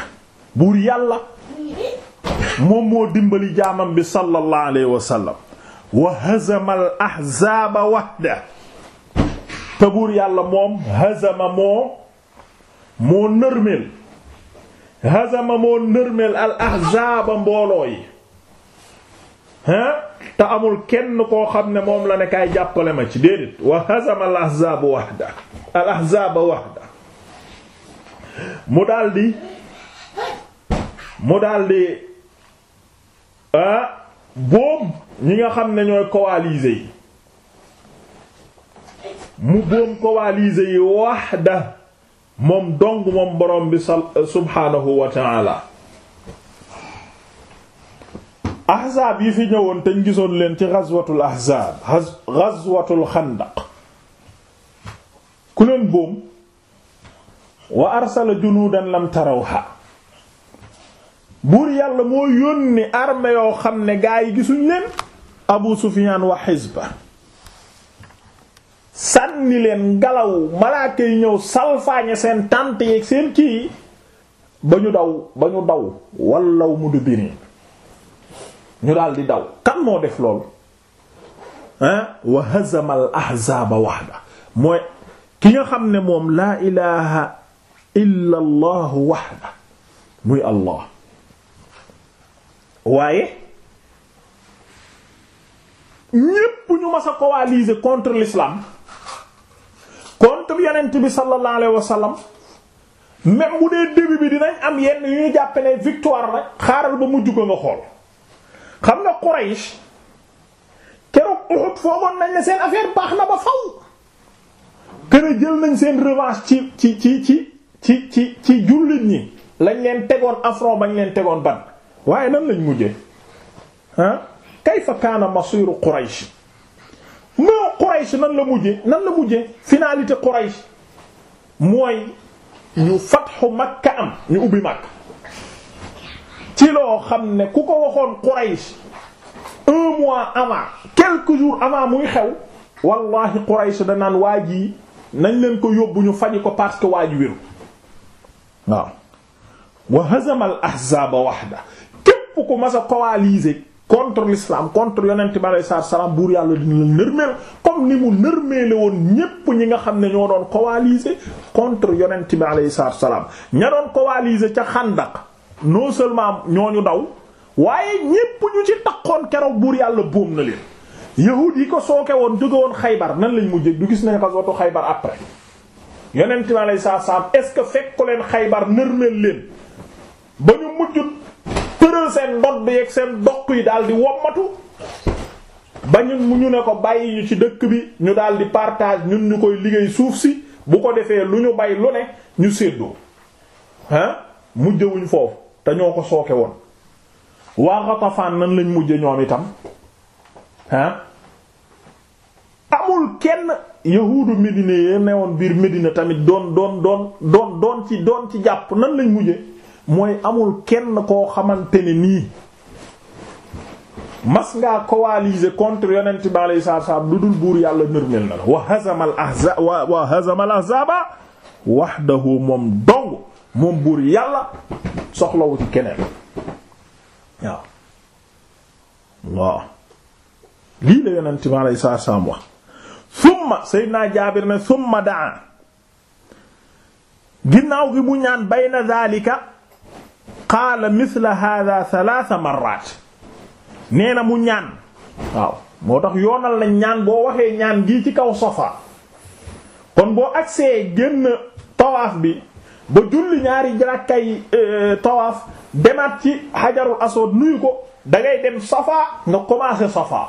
[SPEAKER 1] buur yàlla moom moo dimbali jaamam bi sallallahu alayhi wa sallam wa hazama al ahzaaba te buur yàlla moom hazama moo moo nërmeel hazama moo nërmeel al mbooloo yi hein te amul kenn koo xam ne moom la nekkaay kay jàppale ma ci déedéet wa hazama al ahzaaba wahda al mu daldi mu daldi ah boom ñi nga xam ne ñooy coalisés yi mu boom coalisés yi wahda moom dong moom borom bi subhaanahu wa ta'ala ahzaab yi fi ñëwoon te ñu gisoon leen ci ghazwatul ahzaab ghazwatul xandaq ku leen boom wa arsala junuudan tarawha buur yàlla moo yónni armée yoo xam ne gaa yi gisuñ leen abu sufiaan wa xisba sànni leen ngelaw malaaka ñëw salfaañe seen tànt yi ak seen kii ba ñu daw ba ñu daw wallaw mudbirin ñu daal di daw kan moo def loolu ah wa hazama al waxda mooy ki ñu xam ne moom la ilaha illa allahu waxda muy allah waaye ñépp ñu mas a coaliser contre l'islam contre yonent bi sallallahu alayhi wa sallam même bu dee début bi dinañ am yenn yu ñu jàppe ne victoire rek xaaral ba mujj ko nga xool xam nga Quraysh keroog Uhud foogoon nañ ne seen affaire baax na ba faw kër jël nañ seen revanche ci ci ci ci ci ci ci jullit ñi lañ leen tegoon affront bañ leen tegoon ban waaye nan lañ mujjee ah kayfa kaana masiru Quraysh moo Quraysh nan la mujjee nan la mujjee finalité Quraysh mooy ñu fatxu Makka am ñu ubbi Makka ci loo xam ne ku ko waxoon Quraysh un mois avant quelques jours avant muy xew wallahi Quraysh danaan waaj yi nañ leen ko yóbbu ñu faji ko parce que waaj wéru waaw wa hazama al ahzaaba wahda képp ku mas a coalisé contre l'islam contre yonent bi alayhi salaam buur yàlla dina la nërmeel comme ni mu nërmeele woon ñépp ñi nga xam ne ñoo doon coalisé contre yonent bi alayhi salaam ña doon coalisé ca xandak non seulement ñu daw waaye ñépp ñu ci takkoon keroog buur yàlla boom na leen yahud yi ko sooke woon jóge woon xaybar nan lañ mujjee du gis nañ xaswatu xaybar après yonent mi alayhi salaatu salaam est-ce que fekku leen xaybar nërmeel leen ba ñu mujj tëral seen ndodd yeeg seen doq yi daal di wommatu ba ñu ne ko bàyyi ci dëkk bi ñu daal di partage ñun ñu koy liggéey suuf si bu ko defee lu ñu bay lu ne ñu séddoo ah mujjewuñ foofu te ñoo ko sooke woon waa Ghatafaan nan lañ mujje ñoom itam ah amul kenn yahuudu Médine yee newoon biir Médine tamit doon doon doon doon doon ci doon ci jàpp nan lañ mujje mooy amul kenn koo xamante ne nii mas ngaa coaliser contre yonent bi alayhi salaatu salaam lu dul buur yàlla nërmel na la wa hazamal ahzaab wa hazamal moom dong moom buur yàlla soxlawu ci keneen waaw waaw lii la yonent bi alayhi salaatu salaam wax summa Seydina Jaabir ne summa daa ginnaaw gi mu ñaan bayna zaalika qaala misla haadaa salaasa marraat nee na mu ñaan waaw moo tax yoonal la ñaan boo waxee ñaan gii ci kaw Safa kon boo agsee génn tawaaf bi ba julli ñaari jarakkay euh, tawaaf demaat ci xajarul aswad nuyu ko da ngay dem safa nga commencé safa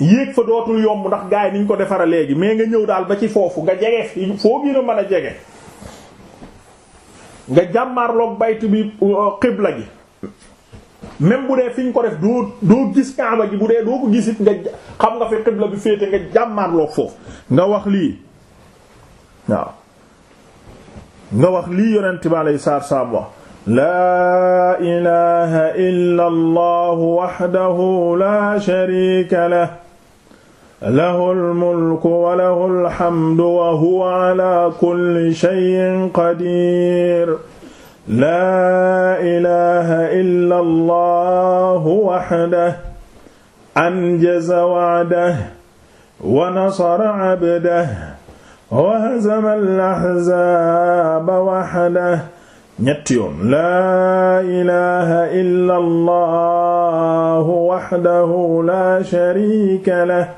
[SPEAKER 1] yéeg fa dootul yomb ndax gars yi niñ ko defara léegi mais nga ñëw daal ba ci foofu nga jege fi foo gën a mën a jege nga jàmmarloog baytu bi xibla euh, gi même bu dee fi ñu ko def doo doo gis kaaba gi bu dee doo ko gis it nga xam nga fi xibla bi féete nga jàmmarloog foofu nga wax lii waaw nga wax lii yonent bi alayhi salaatu salaam wax laa ilaha illa allahu waxdahu la sharika lah lahul mulku wa lahul hamdu wa huwa ala kulli shay'in qadir laa ilaha illa allahu waxdahu anjaza wa'dahu wa nasara abdahu wa hazama al-ahzaaba wahdahu ñetti yoon laa ilaha illa allah wahdahu laa sharika lahu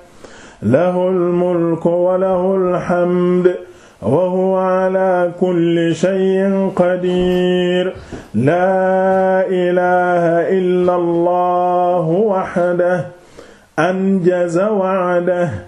[SPEAKER 1] lahul mulku wa lahul hamdu wa huwa ala kulli shay'in qadir laa ilaha illa allah wahdahu anjaza wa'dahu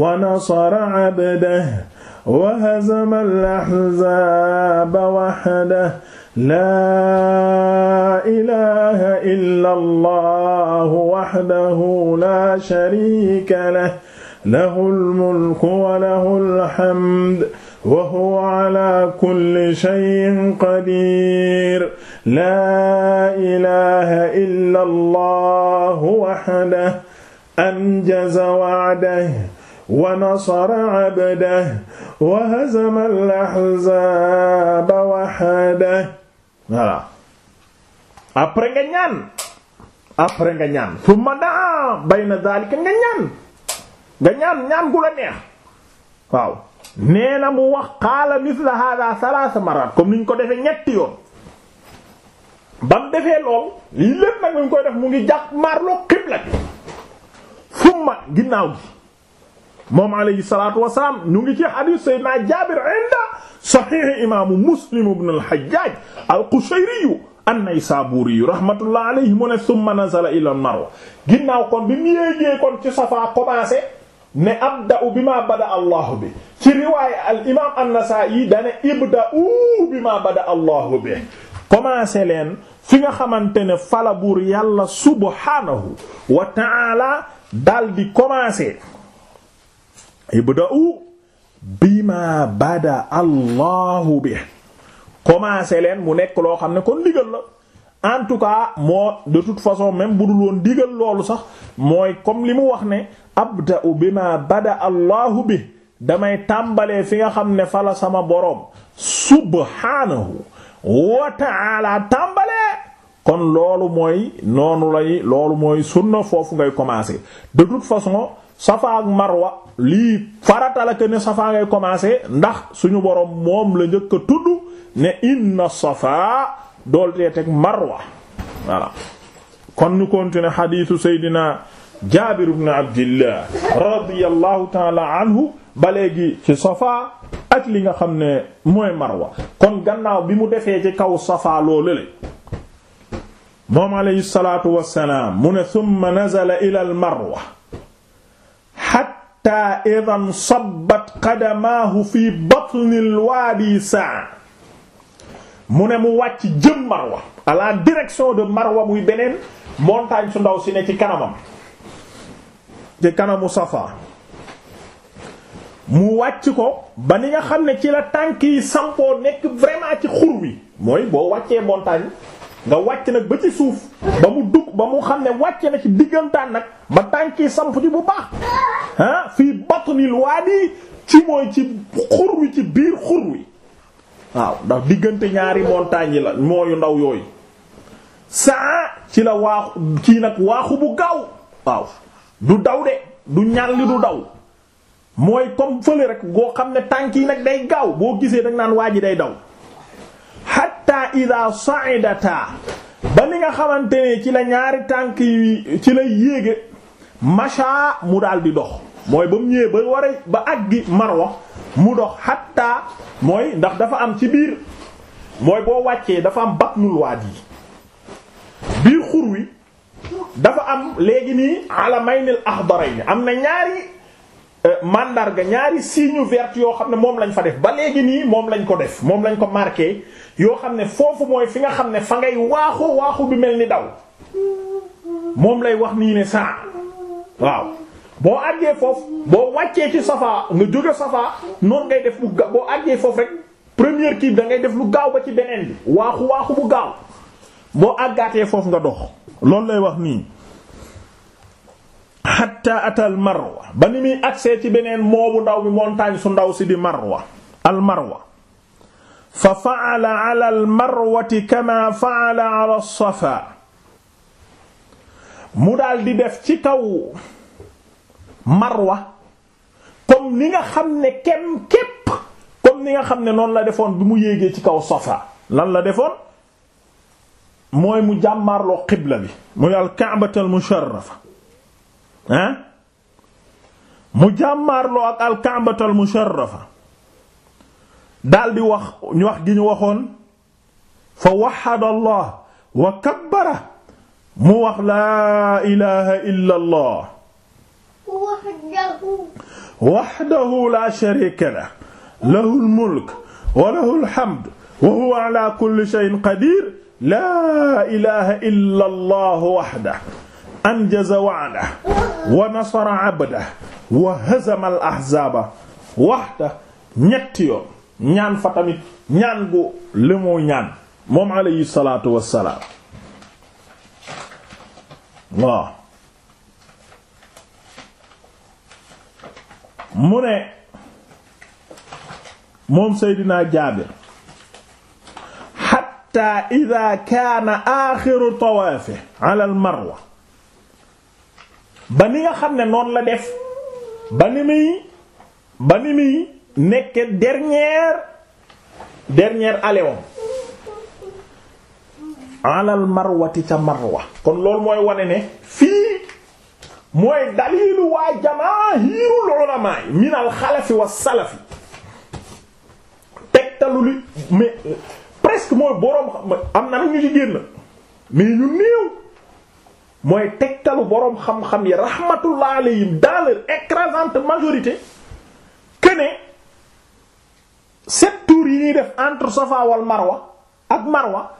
[SPEAKER 1] wa nasara 'abdahu wa hazama al-ahzaaba wahdahu laa ilaaha illa allahu wahdahu laa shariika lahu lahul mulku wa lahul hamdu wa huwa alaa kulli shay'in qadiir laa ilaaha illa allahu wahdahu anjaza wa'dahu wa nasara 'abdahu wa hazama al-ahzaaba wahda voilà après nga ñaan ñaan summa daa bayna daalika nga ñaan nga ñaan ñaan gu la neex waaw nee na mu wax qaala misla hada salaasa maraat comme ni ñu ko defee ñetti yoon ba mu defee lool lii lépp nag mu ngi koy def mu ngi jàpp maarloo xibla summa ginnaaw gi moom alayhi salaatu wa salaam ñu ngi ci hadith sayyidina Jaabir inda sahih imaamu Muslim ibn al-Hajjaj al-Qushayri an-Naysaburi rahmatullah alayhi mu ne summa nazala ila al-Marwa ginnaaw kon bi mu yéegee kon ci Safa commencé ne abda'u bima bada Allahu bi ci riwaaya al-imaam an-Nasaa'i dane ibda'u bima bada Allahu bi commencé leen fi nga xamante ne fala buur yàlla subhaanahu wa ta'ala daal di ibda'u bima bada allahu bi commencé leen mu nekk loo xam ne kon digal la en tout cas moo de toute façon même bu dul woon digal loolu sax mooy comme li mu wax ne abda'u bima bada allahu bi damay tàmbalee fi nga xam ne fala sama boroom subhanahu wa ta'ala tàmbalee kon loolu mooy noonu lay loolu mooy sunna foofu ngay commencer de façon safa marwa lii farata la que ne safa ngay commencer ndax suñu borom moom la njëkk a tudd ne inna safa dool dee marwa kon ñu continuer xadiisu seydina jabir ibn abdillah radiyallahu taala anhu ba léegi ci safa ak li nga xam ne mooy marwa kon gannaaw bi mu defee ci kaw safa loolu le moom alayhi salatu wassalaam mu ne thumma nazala ila al marwa xatta idan sabbat qadamaahu fi batnil waadi saa mu ne mu wàcc jëm marwa à la direction de marwa muy beneen montagne su ndaw si ne ci kanamam ci kanamu safa mu wàcc ko ba ni nga xam ne ci la tànk yi sampoo nekk vraiment ci xur wi mooy boo wàccee montagne nga wàcc nag ba ci suuf ba mu dugg ba mu xam ne wàcc na ci diggantaan nag ba tànki samp di bu baax ah fii batnil waadi ci mooy ci xur wi ci biir xur wi waaw ndax diggante ñaari montagnes yi la mooyu ndaw yooyu saa ci la waaxu kii nag waaxu bu gaaw waaw du daw de du ñàlli du daw mooy comme fële rek goo xam ne tànk yi nag day gaaw boo gisee dag naan waa ji day daw hatta ida saidata ba ni nga xamante ne ci la ñaari tànk yi ci lay yéege macha mu daal di dox mooy ba mu ñëwee ba war a ba àggi marwa mu dox hatta mooy ndax dafa am ci biir mooy boo wàccee dafa am batnul waadi biir xur wi dafa am léegi nii ala maynil axdarayn am na ñaari Euh, màndarga ñaari signe vert yoo xam ne moom lañ fa def ba léegi nii moom lañ ko def moom lañ ko marqué yoo xam ne foofu mooy fi nga xam ne fa ngay waaxoo waaxu bi mel ni daw moom lay wax nii ne saa waaw boo àggee foofu boo wàccee ci safa nga jóge safa noonu ngay def bu ga boo àggee foofu rek première kii da ngay def lu gaaw ba ci beneen bi waaxu waaxu bu gaaw boo àggaatee foofu nga dox loolu lay wax nii. xatta atal marwa ba ci beneen moobu ndaw bi montagne su ndaw si di marwa al marwa fa faala mu daal di def ci kaw marwa comme ni nga xam ne kem képp comme ni nga xam ne noonu la defoon bi mu yéegee ci kaw safa lan la defoon mooy mu jàmmaarloo xibla bi muy al ka'batul ah mu jàmmaarloo ak alkaabatal musharrafa daldi wax ñu wax gi ñu waxoon fa waxada allah wa kabbara mu wax laa ilaha illa allah waxdahu la sharika lah lahu almulk wa lahu alhamd wa huwa ala kulli shay'in qadir laa ilaha illa allah waxdahu anjaza wa'da wa nasara abda wa hazama al ahzaba waxta ñetti yoon ñaan fa tamit ñaan gu li mu ñaan moom alayhi salaatu wassalaam waaw mu ne moom Seydina Jaabir hatta idha kaana aaxiru tawaafihi ala al marwa ba ni nga xam ne noonu la def ba ni muy ba ni muy nekk dernière dernière aléon alal marwati ca marwa kon loolu mooy wane ne fii mooy dalilu waa jamaahirul ulama min al xalafi wa salafi tegtalu li mais presque mooy boroom am na nag ñu ci génn mais ñu néew mooy tegtalu boroom xam-xam yi rahmatullah alayhim dans leur écrasante majorité que ne tour tours yi ñuy def entre Safa wal Marwa ak Marwa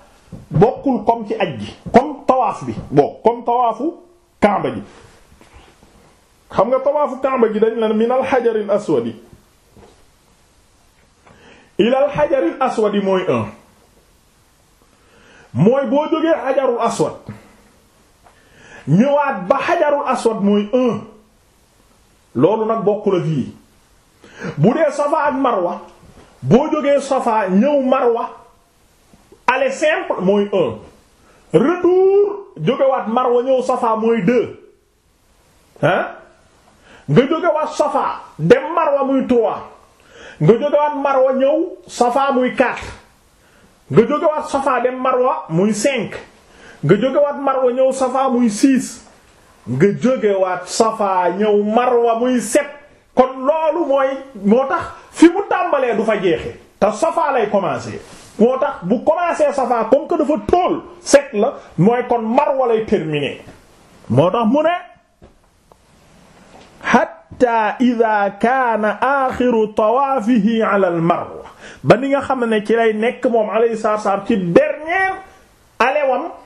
[SPEAKER 1] bokkul comme ci aj gi comme tawaaf bi bon comme tawaafu Kaaba ji xam nga tawaafu Kaaba gi dañ la min al hajar al aswad ila al hajar mooy un mooy boo jógee hajarul aswad ñëwaat ba xajarul aswad mooy un loolu nag bokkul ak yii bu dee safa ak marwa boo jógee safa ñëw marwa aller simple mooy un retour jógewaat marwa ñëw safa mooy deux hein nga jógewaat safa dem marwa muy trois nga jógewaat marwa ñëw safa muy quatre nga jógewaat safa dem marwa muy cinq nga jógewaat marwa ñëw safa muy six nga jógewaat safa ñëw marwa muy sept kon loolu mooy moo tax fi mu tàmbalee du fa jeexe te safa lay commencer moo tax bu commencer safa comme que dafa tool set la mooy kon marwa lay terminer moo tax mu ne hatta ida kaana axiru tawaafihi ala nga xam ne ci lay nekk moom alayhi salaam ci alewam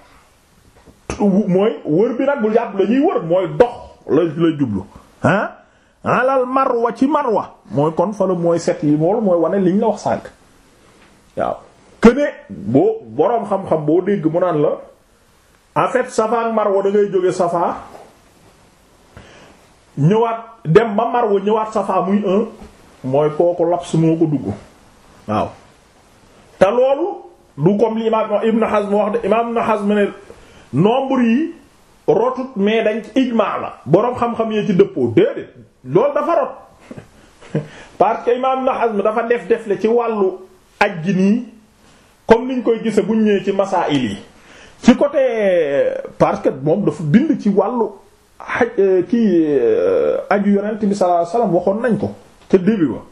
[SPEAKER 1] mooy wër bi nag bul jàpp la ñuy wër mooy dox la la jublu ah alal marwa ci marwa mooy kon fa mooy set yi mool mooy wane liñ la wax sànk boroom xam boo dégg mu la en fait safa ak marwa da ngay jóge safa ñëwaat dem ba marwa ñëwaat safa muy un mooy kooku laps moo ko dugg waaw te loolu du comme li imaam Ibn Hazm wax de imaam Ibn Hazm ne nombre yi rotut mais dañ ci ijmaa la boroom xam-xam yee ci dëppoo déedéet loolu dafa rot parce que imaam Ibn Hazm dafa def def le ci wàllu aj gi nii comme niñ koy gise bu ñëwee ci masaa'il yi ci côté parce que moom dafa bind ci wàllu aj kii euh, aju yonent bi sallallahu alayhi waxoon nañ ko ca début ba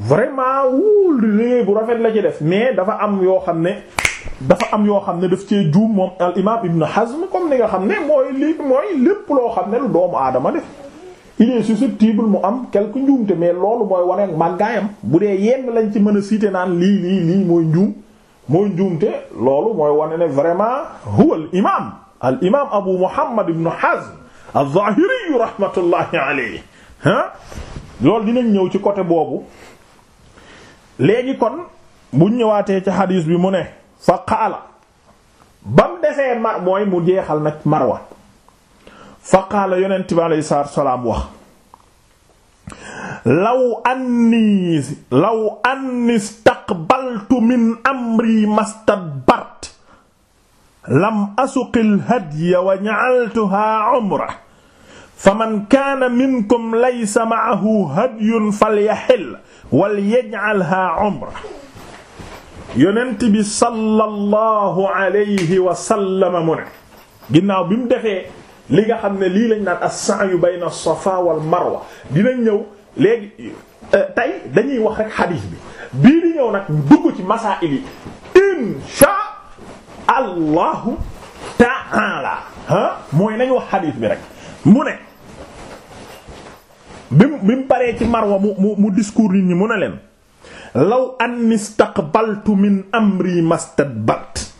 [SPEAKER 1] vraiment wul liggéey bu rafet la ci def mais dafa am yoo xam ne dafa am yoo xam ne daf cee juum moom al imaam Ibn Hazm comme ni nga xam ne mooy lii mooy lépp loo xam ne lu doomu aadama def il susceptible mu am quelque njuumte mais loolu mooy wane màggaayam bu dee yenn lañ ci mën a citer naan lii nii lii mooy njuum mooy njuumte loolu mooy wane ne vraiment huwa al imaam al imaam Abu Muhammad Ibn Hazm az-Zahiri rahmatullahi alayhi ah loolu dinañ ñëw ci côté boobu léegi kon buñ ñëwaatee ci hadis bi mu ne. fa qaala ba mu desee mar mooy mu jeexal nag marwa fa qaala yonent bi alayhi salaatu salaam wax law anni law anni istaqbaltu min amri mastadbart lam asuqil hadya wa ja'altuha umra faman kaana minkum laysa ma'ahu hadyun falyahill walyaj'alha umra yonent bi sallallahu alayhi wa sallam mu ne ginnaaw bi mu defee li nga xam ne lii lañ naan as-sa'yu bayna safa wal marwa dinañ ñëw léegi euh, tey dañuy wax rek xadiis bi bii di ñëw nag dugg ci masaa'il yi insha allahu ta'ala ah mooy nañ wax xadiis bi rek mu ne bi mu bi ci marwa mu mu mu nit ñi mu ne leen law an istaqbaltu min amri mastadbart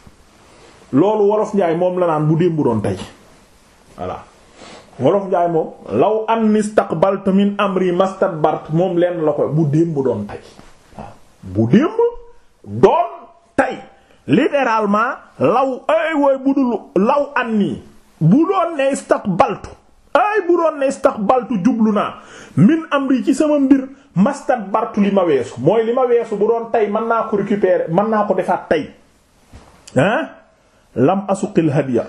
[SPEAKER 1] loolu wolof njaay moom la naan bu démb doon tey voilà wolof njaay moom law an istaqbaltu min amri mastadbart moom lenn la koy bu démb doon tey waaw law ay wooy bu dul law an bu doon ne istaqbaltu ay bu doon ne istaqbaltu jublu naa min amri ci sama mbir mastat bartu li ma weesu mooy li ma weesu bu doon tey man naa ko récupérer mën naa ko defaat tey ah lam asuqil hadiya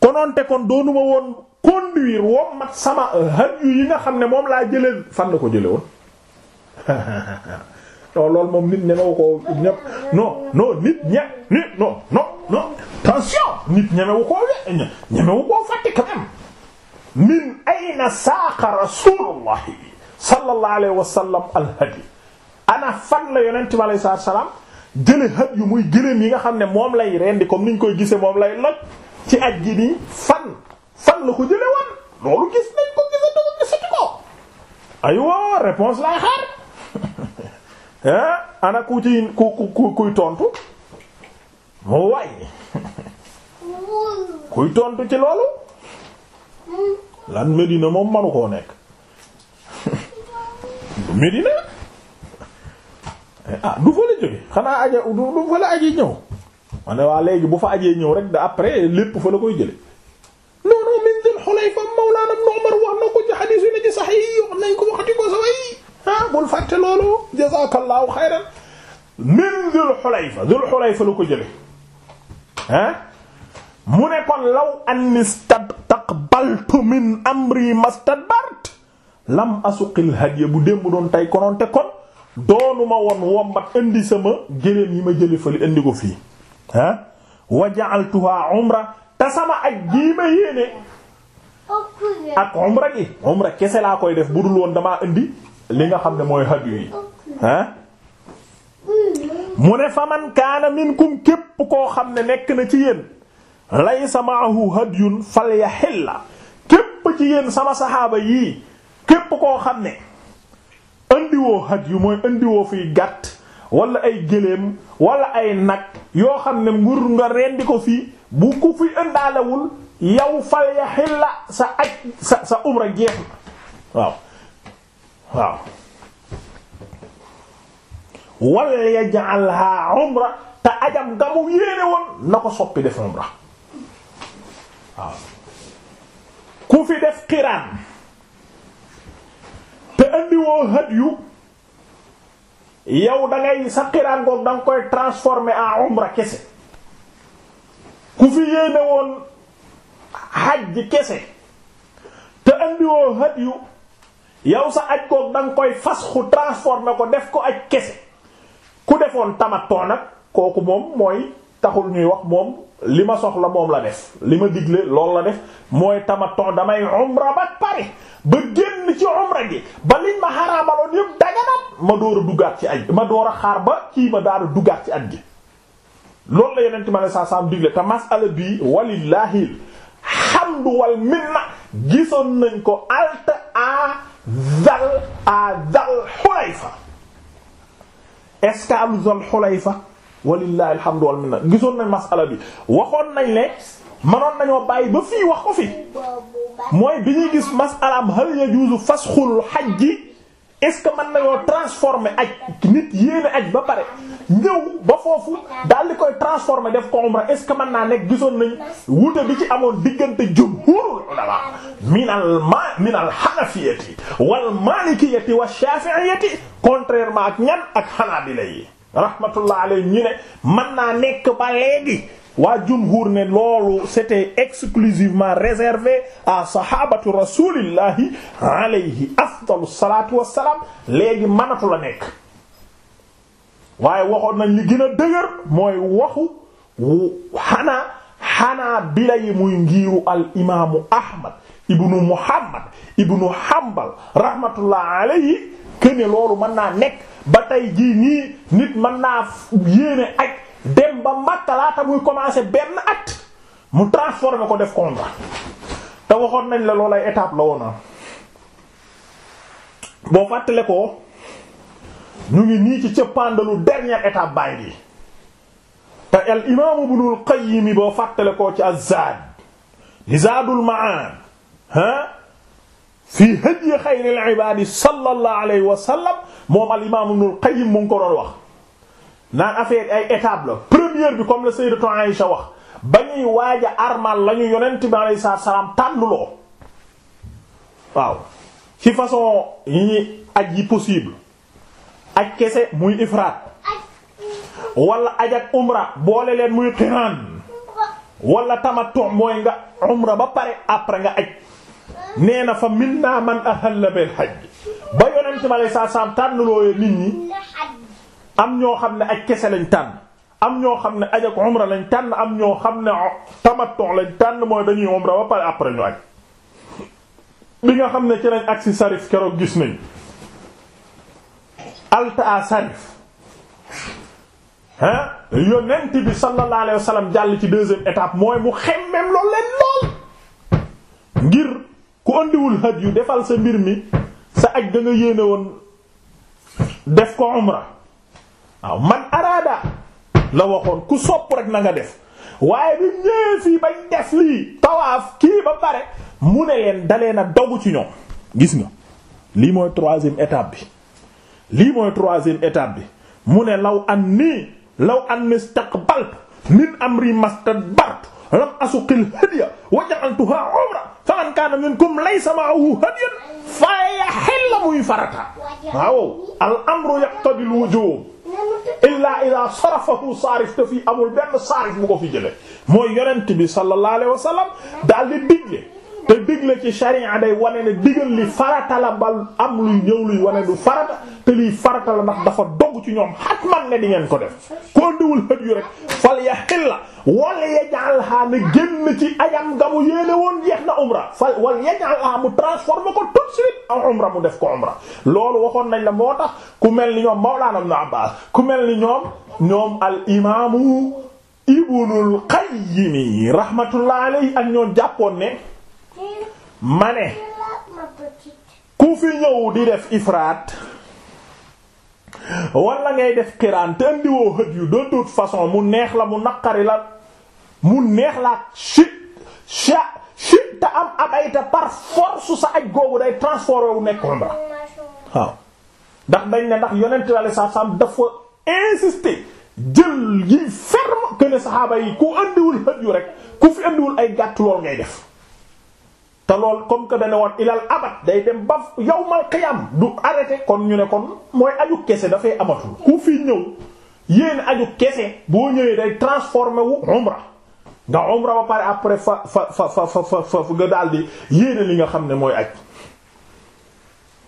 [SPEAKER 1] konoonte kon doonuma woon conduire woom mat sama euh, hadiyu yi nga xam ne moom laa jëlee fan la ko jële woon loolu moom nit ñemewu ko nit ñe nit non ñemewu ko ñemewu ko fàtte ayna saaqa rasulullahi sallallahu alayhi wa sallam alhadi ana fan la yonent bi alayhi salaam jële hëdd yu muy gëléem yi nga xam ne moom lay rendi comme ni ñu koy gise moom lay loj ci ak gi nii fan fan la ko jële woon loolu gis nañ ko gisatu ko gisatu ko lay xaar eh, ana ku ci ku ku kuy tontu mu waay kuy tontu ci loolu hmm. lan Medina moom manu koo nekk Medina ah du fa la jóge xanaa aja du fa la aji ñëw ma ne waa léegi bu fa ajee ñëw rek da après lépp fa la koy jële non non min Dul Xulayfa Mawlaana Ibn Umar wax na ko ci xadiis wax nañ ah, ko jële ah mu ne kon law an istaqbaltu min amri mastadbart lam asuqil hadiya bu démb doon tey konoon te kon doonuma woon wombat indi sama géléem yi ma jële fële indi ko fii ah wa umra te sama ak gii ma yéene ak umra gi umra kese laa koy def bu dul woon damaa indi li nga xam ne mooy hadiyu yi ah mu ne fa man kaana minkum képp koo xam ne nekk na ci yéen laysa ma'ahu hadiyun falyahilla képp ci yéen sama saxaaba yii képp koo xam ne indiwoo xaj yu mooy indiwoo fiy gàtt wala ay géléem walla ay nag yoo xam ne ngur nga rendi ko fii bu ku fi indaalewul yow falyaxil la sa aj sa umra jeex na waaw waaw wala yaj'alha umra te ajam nga mu yéene na ko soppi def umra waaw ku fi def xiraan te indiwoo hadyu yow da ngay sa xiraan goog da koy transformer en umra kese ku fi yéene woon hajj kese te indiwoo hadyu yow sa aj goog da nga koy fasxu transformer ko def ko aj kese ku defoon tamatoo nag kooku moom mooy taxul ñuy wax moom li ma soxla moom la def li ma digle loolu la def mooy tamatoo damay umra ba pare ba génn ci umra gi ma xaraamaloon yëpp daganat ma door a duggaat ci aj ma door xaar ba kii ma daal di duggaat ci aj gi loolu la yeneen ma ne saa saam digle te masala bii walillahil hamdu wal minna gisoon nañ ko alt a zal a zal xulayfa est-ce que al zal xulayfa walillahil minna gisoon nañ masala bi waxoon nañ manoon nañoo bàyyi ba fii wax ko fi mooy bi ñuy gis masalaam hal yajuzu fasxul xajji est-ce que mën nañoo transformer aj nit yéene aj ba pare ñëw ba foofu daal di koy transformer def ko umra est-ce que mën naa nekk gisoon nañ wute bi ci amoon diggante jumhurul ulama min al ma min al hanafiyati wal malikiyati wa shafi'iyati contrairement ak ñan ak hanabila rahmatullah alayhi ñu ne mën naa nekk ba léegi waa jumhur ne loolu c'était exclusivement réservé à sahabatu rasulillahi alayhi afdalu salatu wassalaam léegi mënatu la nekk waaye waxoon nañ li gën dëgër mooy waxu xanaa xanaa bila yi muy ngiiru al imaamu ahmad ibnu muhammad ibnu hambal rahmatullah alayhi kene loolu mën naa nekk ba tey jii nii nit mën naa ak dem ba Makka laata muy commencer benn at mu transformer ko def contrat te waxoon nañ la loolay étape la woon ah. boo fàttale ko ñu ngi nii ci cëppandalu dernière étape baay bi te al imaamu Ibnul Qayyim boo fàttale ko ci Az-Zaad di Zaadul Ma'aad ha fii hadyi xayril ibaad sallallahu alayhi wa sallam moom al imaamu Ibnul Qayyim mu ko doon wax naan affaire ay étape la première bi comme la sayyidatu sa wax ba ñuy waaj a armal la ñu yonent bi alayhi salaam tànnuloo waaw ci façon yi ñuy aj yi possible aj kese muy ifraat wala aj ak umra boole leen muy qiraan wala tamattu mooy nga umra ba pare après nga aj nee na fa minna man ahalla bil hajj ba yonent bi alayhi salaam tànnuloo nit ñi. am ñoo xam ne ak kese lañ tànn am ñoo xam ne aj ak lañ tànn am ñoo xam ne tamattu lañ tànn mooy dañuy umra ba pare après ñu aj bi nga xam ne ci lañ agsi sarif keroog gis nañ altaa sarif hein yonent bi sallallahu alayhi jàll ci deuxième étape mooy mu xemmem loolu leen lool ngir ku andiwul haj yu defal sa mbir mi sa aj da nga yéene woon def ko umra waaw man araada la waxoon ku sopp rek na nga def waaye bi ñëwee fii bañ def lii tawaaf kii ba pare mu ne leen dalee na dogu ci ñoom gis nga lii mooy troisième étape bi lii mooy troisième étape bi mu ne law an nii law an mistaqbaltu min amri mastadbartu lam asuqil hadiya wa ja'altuha umra fa man kaana minkum laysa ma'ahu hadiyan fa yahillu muy farata waaw al amru yaqtadil wujub illaa ila sarafahu saarif te fii amul benn saarif bu ko fi jële mooy yonent bi sallallahu alayhi wa sallam daal di digle te digle ci sharia day wane ne digal li farata la bal am luy ñëw luy wane du farata te lii farata la ndax dafa dogg ci ñoom xat man ne di ngeen ko def koo ndiwul hët yu rek fal la wala yajal ha ne génn ci ayam nga mu yéene woon na umra fal wala yajal ha mu transforme ko tout de suite en umra mu def ko umra loolu waxoon nañ la moo tax ku mel ni ñoom ñoom ñoom al imaamu Ibnul Qayyim rahmatullah alayhi ak ñoom jàppoon ne ma ne ku fi ñëw di def ifraat wala ngay def xiraan te andiwoo hët yu de toute façon mu neex la mu naqari la mu neex la chit cha chit te am abayta par force sa aj googu day transformé wu nekk umra waaw ndax dañ ne ndax yonent la sa sam dafa insister jël yi ferme que ne saxaaba yi ku andiwul hët yu rek ku fi indiwul ay gàtt lool ngay def te lool comme que dane woon ilal abat day dem ba yawmal qiyam du arrêté kon ñu ne kon mooy aju kese dafay amatul ku fi ñëw yéen aju kese boo ñëwee day transformé wu umra nga umra ba pare après fa fa fa fa fa fa nga daldi yéene li nga xam ne mooy aj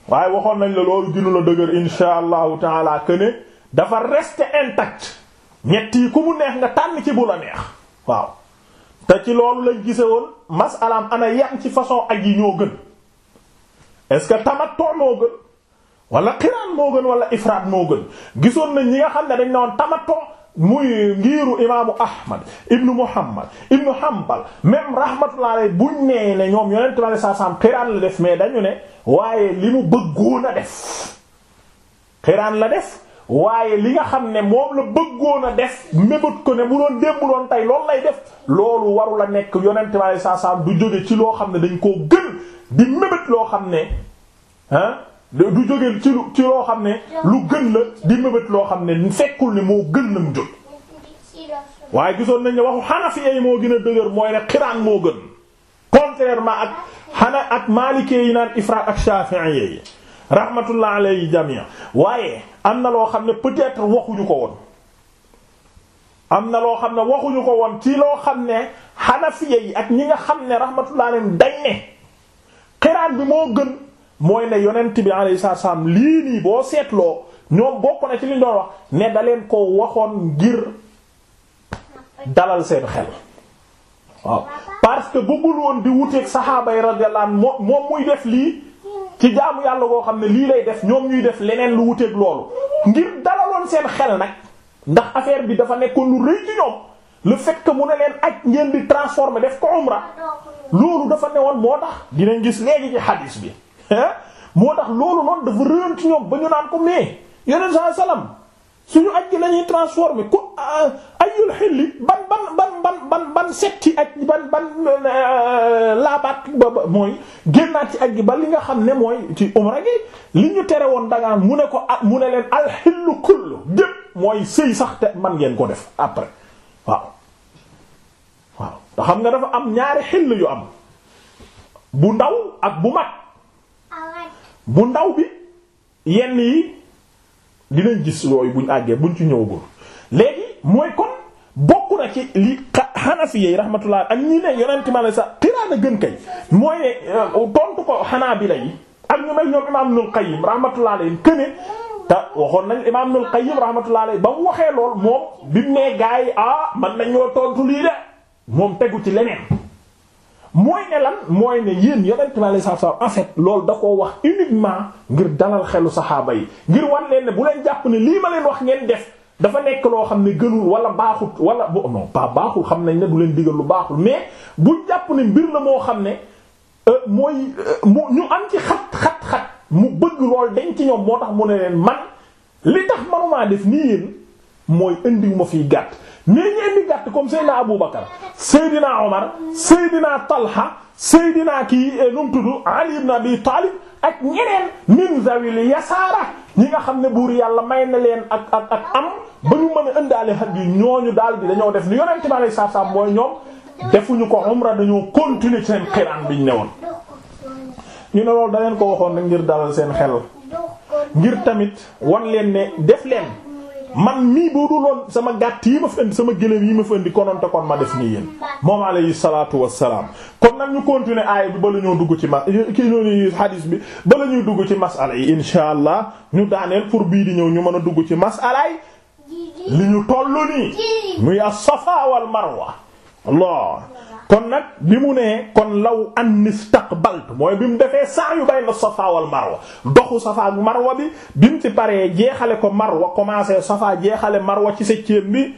[SPEAKER 1] waaye waxoon nañ la loolu gënu la dëgër insha allahu taala que ne dafa rester intact ñett yi ku mu neex nga tànn ci bu la neex waaw te ci loolu lañ gise woon masalaam ana yam ci façon ak yi ñoo gën est-ce que tamattu moo gën wala xiraan moo gën wala ifraat moo gën gisoon nañ ñi nga xam ne dañ ne woon tamattu muy ngiiru imaamu ahmad ibnu muhammad ibnu hanbal même rahmatullah alayhi buñ nee ne ñoom yonentu Yàlla saa saam xiraan la def mais dañu ne waaye li mu bëggoon a def xiraan la def waaye li nga xam ne moom la bëggoon a def mébét ko ne mu doon démb doon tey loolu lay def loolu warul a nekk yonent bi saa du jóge ci loo xam ne dañ koo gën di mébét loo xam ne ah du jóge ci ci loo xam ne lu gën la di mébét loo xam ne fekkul ne moo gën la mu jóg. waaye gisoon nañ ne waxu Hanafi yi moo gën a dëgër mooy ne xiraan moo gën contrairement ak xana ak Maalikee yi naan ifra ak Shafi'i yi rahmatullah alayhi jamii waaye am na loo xam ne peut-être waxuñu ko woon am na loo xam ne waxuñu ko woon ci loo xam ne fi xanafiya yi ak ñi nga xam ne rahmatullah alayhim dañ ne xiraat bi moo gën mooy ne yonent bi sa salaam lii nii boo seetloo ñoo bokk na ci liñ doon wax ne daleen ko waxoon ngir dalal seen xel waaw parce que bëggul woon di wuteeg saxaaba yi radiyallahu moom muy def lii. ci jaamu yàlla goo xam ne lii lay def ñoom ñuy def leneen lu wuteeg loolu ngir dalaloon seen xel nag ndax affaire bi dafa nekkoon lu rëy ci ñoom le fait mu ne leen aj ngeen di transformer def ko umra loolu dafa newoon moo tax dinañ gis léegi ci hadis bi moo tax loolu noonu dafa rëyoon ci ñoom ba ñu naan ko mais yeneen saa salaam suñu aj gi lañuy transformé ku euh, ayul xilli ban ban ban ban ban ban set ci aj ban ban euh, laabaat ba mooy génnaat ci aj gi ba li nga xam ne mooy ci umra gi li ñu tere woon dangaan mu ne ko ah, mu ne leen alxillu kullu gépp mooy sëy sax te man ngeen ko def après waaw waaw te xam nga dafa am ñaari xill yu am bu ndaw ak bu mag bu ndaw bi yenn yi dinañ gis yooyu buñ àggee buñ ci ñëw ñëwagul léegi mooy kon bokk na ci li xanafi yi rahmatullah ak ñi ne yonent ma la sax tiraana gën kay mooy euh, tontu ko xanaabila yi ak ñu mel ñoom imaam Ibnul Qayyim rahmatullah alayhi këne te waxoon nañ imaam Ibnul Qayyim rahmatullah alayhi ba mu waxee lool moom bi mu nee gaa yi ah man nañoo tontu lii de moom tegu ci leneen. mooy ne mooy ne yéen yonent bi saa saa en fait loolu da koo wax uniquement ngir dalal xelu saxaaba yi ngir wan leen ne bu leen jàpp ne lii ma leen wax ngeen def dafa nekk loo xam ne gënul wala baaxul wala bo non pas baaxul xam nañ ne du leen digal lu baaxul mais bu jàpp ne mbir la moo xam ne euh, mooy euh, mu ñu am ci xat xat xat mu bëgg lool dañ ci ñoom moo tax mu ne leen man li tax manumaa def nii yéen mooy indiwuma fiy gàtt. mais ñeen di gàtt comme Seydina Abu Bakar Seydina Omar Seydina Talha Seydina kii eh, num tudd Ali ibn Abi Talib ak ñeneen min zawil yasaara ñi nga xam ne buur yàlla may na leen ak ak ak am ba ñu mën a ëndaale xaj yi ñooñu daal bi dañoo def ni yonente bi saa saa mooy ñoom defuñu ko umra dañoo continuer ci seen xiraan biñ newoon ñu ne loolu da ko waxoon nag ngir dalal seen xel ngir tamit wan leen ne def leen man mii boo duloon sama gàtt yii ma fi indi sama gëléem yi ma fi indi kononte kon ma def nii yéen moom alayhi salaatu wassalaam kon nag ñu continuer aaya bi ba la dugg ci ma kii noonu hadis bi ba la ñuy dugg ci masala yi insha allah ñu daaneel pour bii di ñëw ñu mën a dugg ci masala li ñu tollu nii muy as-Safa wal Marwa Allah kon nag bi mu nee kon law an istaqbaltu mooy bi mu defee sa'yu bayna safa wal marwa doxu safa ak marwa bi bi mu ci paree jeexale ko marwa commencé safa jeexale marwa ci septième bi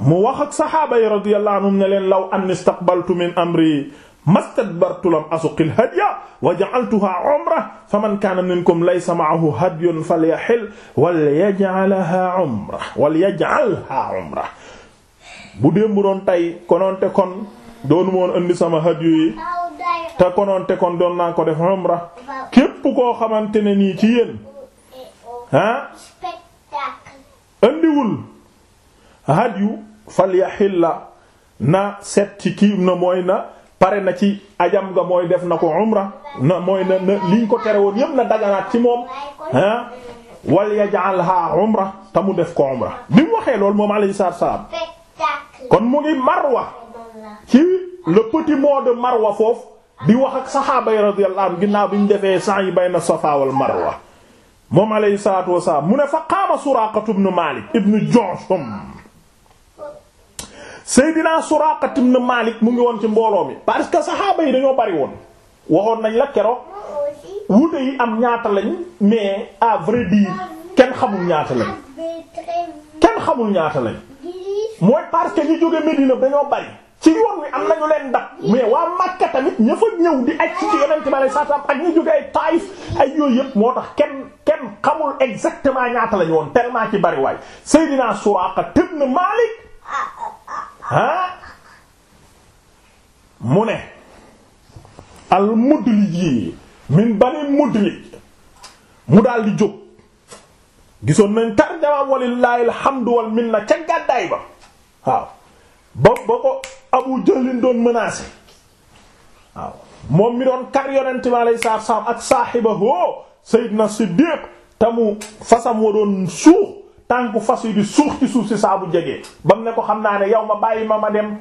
[SPEAKER 1] mu wax ak saxaaba yi radiyallahu anhum ne leen law an istaqbaltu min amri mastadbartu lam asuqil hadya wa ja'altuha umra faman kana minkum laysa ma'ahu hadyun falyahil wal yaj'alha umra wal yaj'alha umra bu démb doon tey konoonte kon doonu moon indi sama hadiyu yi te konoon te kon doon naa ko def umra képp koo xamante ne nii ci yéen ah indiwul hadiyu xilla na set ci kii na mooy na pare na ci ajam nga mooy def na ko umra na mooy na liñ ko tere woon yépp na daganaat ci moom ah wal yaj'alha umra te mu def ko umra bi mu waxee loolu moom alayhi salaam kon mu ngi marwa ci le petit mot de marwa foofu di wax ak saxaaba yi radiyallahu anhum ginnaaw bi ñu defee sa'i bayna safa wal marwa moom alayhi salaatu wasalaam mu ne fa qaama suraaqatu ibnu maalik ibnu ju'shum seydinaa suraaqatu ibnu maalik mu ngi woon ci mbooloo mi parce que saxaaba yi dañoo bari woon waxoon nañ la kero wute yi am ñaata lañ mais à vrai dire kenn xamul ñaata lañ kenn xamul ñaata lañ mooy parce que ñu jóge Medina dañoo bari ci yoon wi am nañu leen dab mais waa Makka tamit ña fa ñëw di aj ci ci yonent bi alayhi salaam ak ñu jóge ay ay yooyu yëpp moo tax kenn kenn xamul exactement ñaata lañu woon tellement ci bari waay Seydina Suraaqa ibn Maalik ah mu ne al Mudlij yi min Bani Mudlij mu daal di jóg gisoon nañ tarjama walillahi alhamdu wal minna ca gàddaay ba waaw ba ba ko Abu Jahlin doon menacé waaw moom mi doon kar yonent bi alayhi salaatu salaam ak saahibahu Seydina Siddiq tamu fasam wa doon suux tànku fas yi di suux ci suuf si saabu jege ba mu ne ko xam naa ne yow ma bàyyi ma ma dem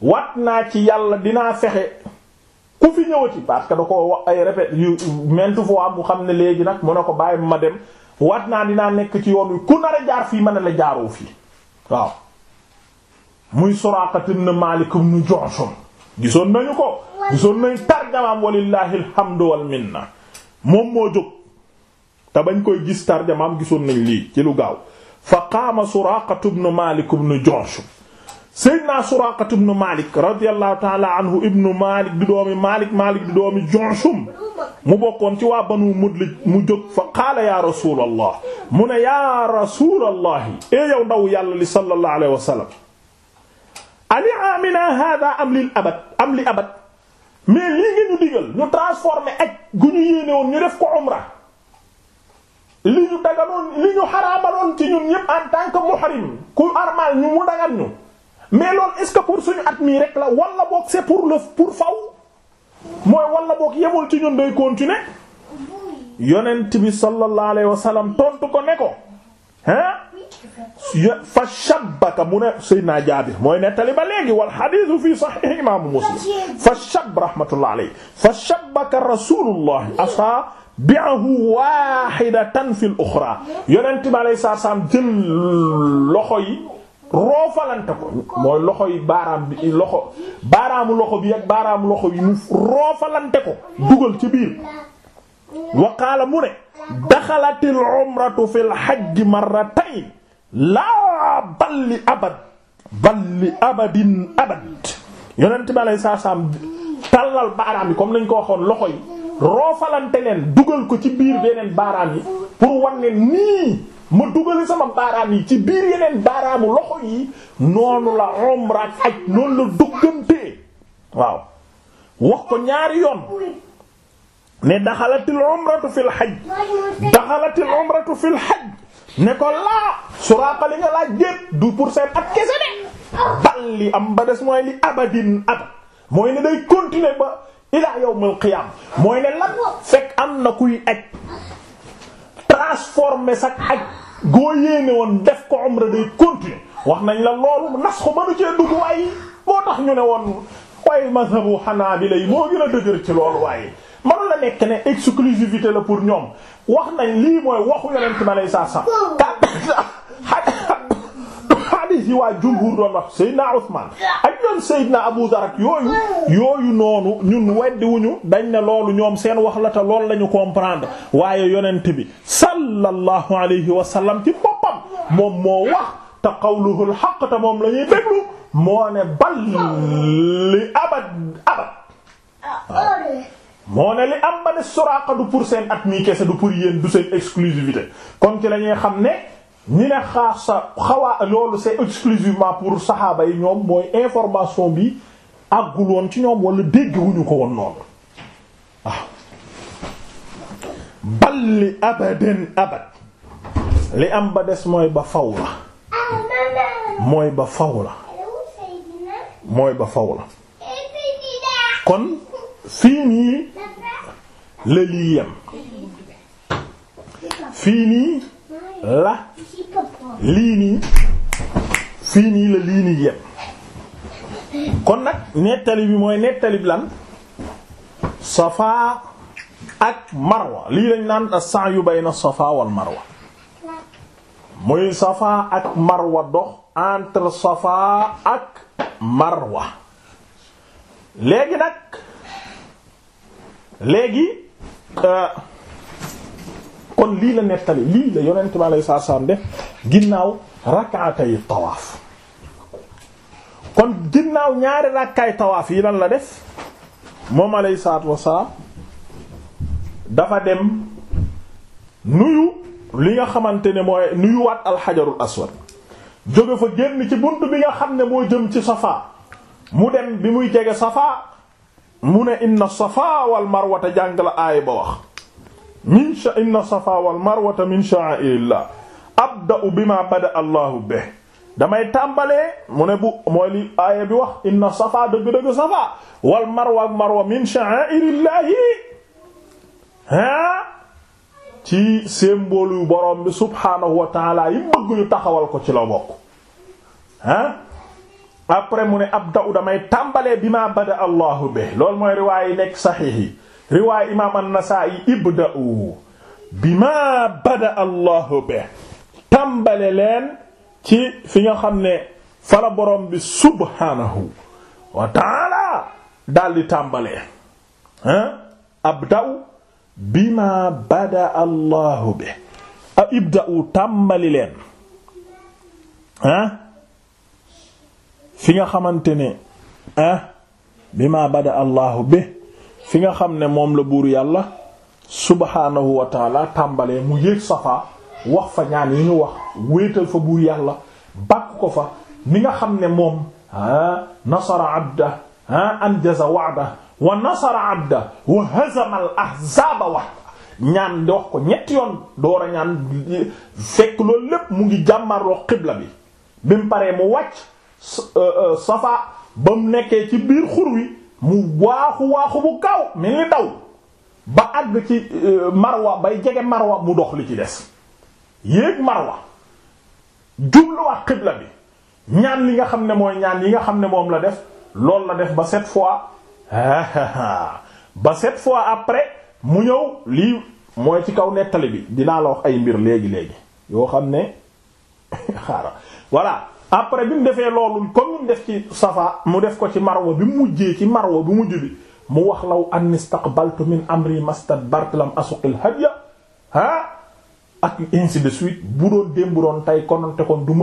[SPEAKER 1] wat naa ci yàlla dinaa fexe ku fi parce que da ko wax ay répète yu maintes fois bu xam ne léegi nag mu ko bàyyi ma ma dem wat naa nekk ci yoon wi ku nar a jaar fii mën a la jaaroo fii waaw muy Suraaqa ibn Maalik ibn Ju'shum gisoon nañu ko gisoon nañ tarjamaam walillahi alhamdu wal minna moom moo jóg te bañ koy gis tarjamaam gisoon nañ lii ci lu gaaw fa qaama Suraaqa ibn Maalik ibn Ju'shum Seydina Suraaqa ibn Maalik radiyallahu ta'ala anhu ibn Maalik di doomi Maalik Maalik di doomi Ju'shum mu bokkoon ci waa Banu Mudlij mu jóg fa qaala ya rasulallah mu ne ya rasulallah e yow ndaw yàlla li sallallahu alayhi wa sallam ali amina hada am lil abad am li abad mais lii nga ñu digal ñu transformer ak gu ñu yéene woon ñu def ko umra li ñu daganoon li ñu xaraamaloon ci ñun ñëpp en tant que muhrim ku armal ñu mu dagan ñu mais loolu est-ce que pour suñu at mii rek la wala boog c'est pour le pour faw mooy wala boog yemul ci ñun day continuer yonent bi sallallahu sallam tontu ko ne ko hein fa shabbaka mu ne Seydina Jaabir mooy nettali ba léegi wal hadiisu fi sahih imaamu Muslim fa shab rahmatullah alayhi fa shabbaka rasulullah asa bi'ahu waahidatan fil uxraa yonent bi alayhi salaam jël loxo yi roofalante ko mooy loxo yi baaraam bi loxo baaraamu loxo bi ak baaraamu loxo bi mu roofalante ko dugal ci biir waqaala mu ne daxalatil umratu fil hajji marratayn laa balli abad balli abadin abad yonent bi alayhi salaam tàllal baaraam yi comme nañ ko waxoon loxo yi roofalante leen dugal ko ci biir beneen baaraam yi pour wan ne nii ma dugali sama baaraam yi ci biir yeneen baaraamu loxo yi noonu la umra aj noonu la duggante waaw wax ko ñaari yoon ne daxalatil umratu fil hajj daxalatil umratu ne ko laa Suraaqa li nga du pour seen at kese de bal li am ba des mooy li abadin ab mooy ne day continuer ba ilaa yawmal qiyaam mooy ne lan fekk am na kuy aj transformer sa ak goo yéene woon def ko umra day continuer wax nañ la loolu nas ko mënu cee dugg waaye moo tax ñu ne woon waaye bi Hanaabila moo gën a dëgër ci loolu waaye man la nekk ne exclusivité la pour ñoom wax nañ lii mooy waxu yonent ma lay saa sam xadiis yi waa jumhur doon wax Seydina Usmaan ak ñoom Seydina Abu Zar yooyu yooyu noonu ñun weddiwuñu dañ ne loolu ñoom seen wax la te loolu lañu comprendre waaye yonent bi sallallahu alayhi wa ci boppam moom moo wax te qawluhu al te moom la ñuy déglu moo ne bal li abad abad moo ne li am ba ne Suraaqa du pour seen at mii kese du pour yéen du seen exclusivité kon ci lañuy xam ne ñi ne xaas sa xawaa loolu c'est exclusivement pour saxaaba yi ñoom mooy information bi àggul woon ci ñoom wala dégg wuñu ko woon noonu waaw bal abad li am ba des mooy ba faw la mooy ba faw la mooy ba faw la kon fii nii la lii yem fii nii la lii nii la lii yem kon nag nettali bi mooy nettali bi lan safa ak marwa lii lañ naan yu sayu bayna safa wal marwa muy safa ak marwa dox entre safa ak marwa léegi nag léegi euh, kon lii la nettali lii la yonent bi alayhi salaatu salaam def ginnaaw rak'atay tawaaf kon ginnaaw ñaari rakkaay tawaaf yi lan la def moom alayhi salaatu wassalaam dafa dem nuyu li nga xamante ne mooy nuyuwaat alxajarul aswad jóge fa génn ci bunt bi nga xam ne moo jëm ci safa mu dem bi muy jege safa mu ne inna safa wal marwata jàng la aaya ba wax min sha inna safa wal marwata min sha'airillah abda'u bima bada allahu bih damay tàmbalee mu bu mooy li aaya bi wax inna safa dëgg-dëgg safa wal marwa marwa min sha'airillahi ha ci symbole yu borom bi subhaanahu wa taala yi taxawal ko ci la bokk après mu ne abda'u damay tàmbalee bima bada allahu be loolu mooy riwaay nekk saxiix yi imaam an ibda'u bima bada allahu be tàmbale leen ci fi nga xam ne fala borom bi subhaanahu wa ta'ala daldi tàmbalee abda'u bima bada allahu be a ibda'u tàmbali leen fi nga xamante ne ah bi ma bada allahu bi fi nga xam ne moom la buur yàlla subhaanahu wa tàmbalee mu yéeg safaa wax fa ñaan yi ñu wax wéetal fa buur yàlla bàkk ko fa ni nga xam ne moom ah nasara abda anjaza wa'da wa nasara abda wa hazama ahzaaba wahda ñaan di wax ko ñetti yoon door ñaan fekk loolu lépp mu ngi jàmmarloo xibla bi bi mu paree mu wàcc Euh, euh, safa ba mu nekkee ci biir xur wi mu waaxu waaxu bu kaw mi ngi daw ba àgg ci euh, marwa bay jege marwa mu dox li ci des yéeg marwa jubluwaat xibla bi ñaan li nga xam ne mooy ñaan yi nga xam ne moom la def loolu la def ba sept fois ba sept fois après mu ñëw lii mooy ci kaw nettali bi dinaa la wax ay mbir léegi léegi yoo xam ne xaaral après bi mu defee loolu comme mu def ci safa mu def ko ci marwa bi mu mujjee ci marwa bu mujj julli mu wax law an istaqbaltu min amri mastadbartu lam asuqil hadiya ah ak ainsi de suite bu doon démb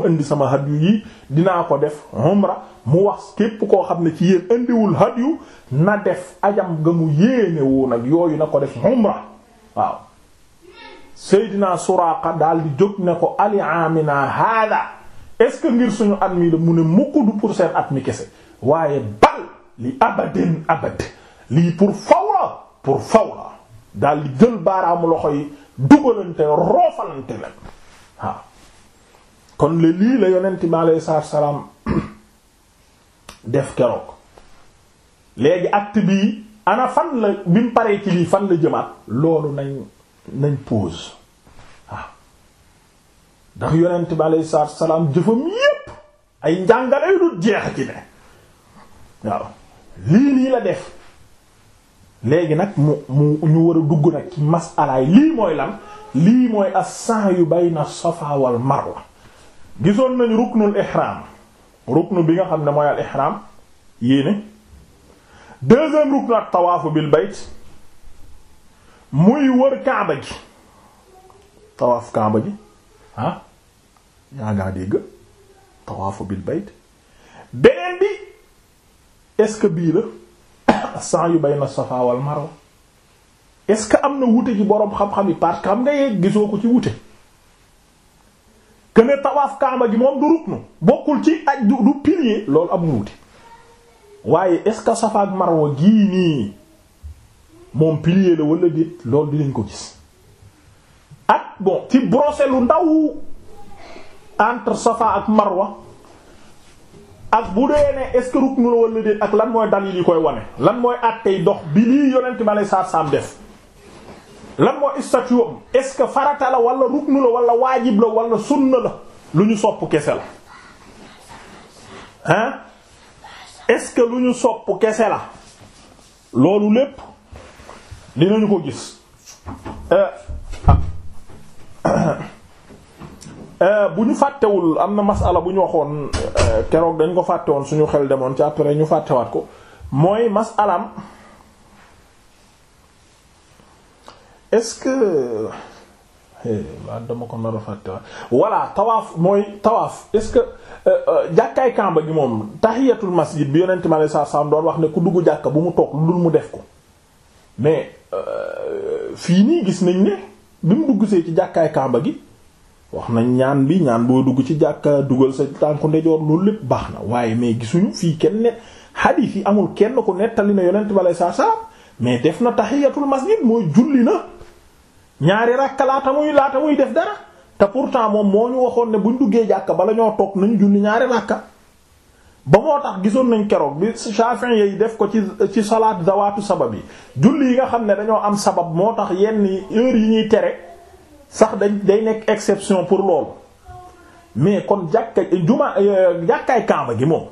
[SPEAKER 1] indi sama hadiyu yi dinaa ko def umra mu wax képp koo xam ne ci yéen indiwul hadiyu na def ajam ga mu yéene woon yooyu na ko def umra waaw Seydina Suraaqa daal di jóg ne ko ali amina hada est-ce que ngir suñu at mi da mu ne mukk du pour seen at mi kese waaye bal li abadin abad lii pour faw la pour faw la daal di jël baaraamu loxo yi dugalante roofalante la waaw kon le lii la yonent bi aleyhi salaatu salaam def keroog léegi acte bii ana fan la bi mu paree ci lii fan la jëmaat loolu nañ nañ pause ndax yonent bi alayhi salaam jëfam yépp ay njàngale yu dul jeex ci ne waaw lii lii la def léegi nag mu mu ñu war a dugg nag ci masalaay lii mooy lan lii mooy as yu bayna safa wal marwa gisoon nañu ruknul ihram ruknu bi nga xam ne mooy al ihram yéene deuxième ruknu ak tawaafu bil bayt muy wër kaaba gi tawaaf kaaba gi ah yaa ngaa dégg tawaafu bil bayt beneen bi est-ce que bii la sa'yu bayna safa wal marwa est-ce que am na wute ci boroom xam-xam yi parce que xam nga yegg gisoo ko ci wute que ne kaama gi moom du ruknu bokkul ci aj du du pilier loolu amul wute waaye est-ce que safa ak marwa gii nii moom pilier la wala déet loolu dinañ ko gis ak bon ci brosé ndaw entre Safa ak Marwa ak bu dee ne est-ce la wala déet ak lan mooy dalil yi koy wane lan mooy àttey dox bi lii yonent ma lay saa saam def lan mooy statut am ce que farata la wala ruknu la wala waajib la wala sunna la lu ñu sopp kese la hein est-ce que lu ñu sopp kese la loolu lépp dinañu ko gis. Euh, ah. Euh, bu ñu fàttewul am na ala bu ñu waxoon euh, keroog dañ ko fàtte woon suñu xel demoon ci après ñu fàttewaat ko mooy masalaam est-ce que waa dama ko nar a fàttewaat mooy tawaaf est-ce que euh, jàkkaay kamba gi moom tahiyatul masjid bi yonent ma lay saa saam doon wax ne ku dugg jàkka bu mu toog lu dul mu def ko mais fii nii gis nañ ne bi mu dugg see ci jàkkaay kàmba gi. wax nañ ñaan bi ñaan boo dugg ci jàkka dugal sa tànku ndejoor loolu lépp baax na waaye mais gisuñu fii kenn ne xadiis yi amul kenn ku nettali na yonent balay saa saa mais def na tax tahiyatul masjid mooy julli na ñaari rakka laata muy laata muy def dara te pourtant moom moo ñu waxoon ne buñ duggee jàkka bala ñoo toog nañ julli ñaari rakka ba moo tax gisoon nañ keroog bi Shafi'i yi def ko ci ci salaat zawaatu sabab yi julli yi nga xam ne dañoo am sabab moo tax yenn heure yi ñuy tere. sax dañ day nekk exception pour loolu mais kon jàkka juma euh, jàkkaay kaama gi moom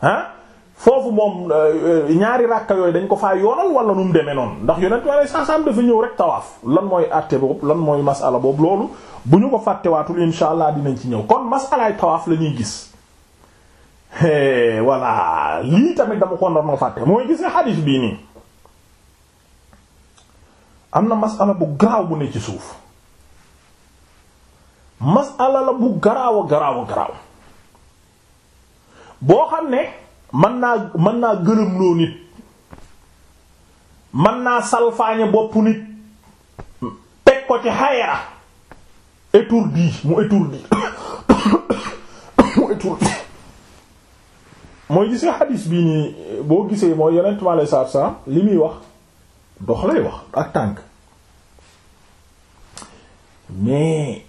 [SPEAKER 1] ah foofu moom euh, ñaari ràkka yooyu dañ ko faa yoonal wala nu mu demee noonu ndax yonent wala sasam dafa ñëw rek tawaaf lan mooy àtte boobu lan mooy masala boobu loolu bu ñu ko fàttewaatul insha allah dinañ ci ñëw kon masalaay tawaaf la ñuy gis voilà lii tamit dama fàtte mooy gis nga am na masala bu garaaw bu ne ci suuf masala la bu garaaw a garaaw boo xam ne mën naa mën naa gëlëm loo nit mën naa salfaañe bopp nit teg ko ci xayara étourdi mu étourdi mu étourdi mooy gis nga xadiis bii boo gisee mooy yonent mi alayhi salaatu salaam li muy wax dox lay wax ak tànk mais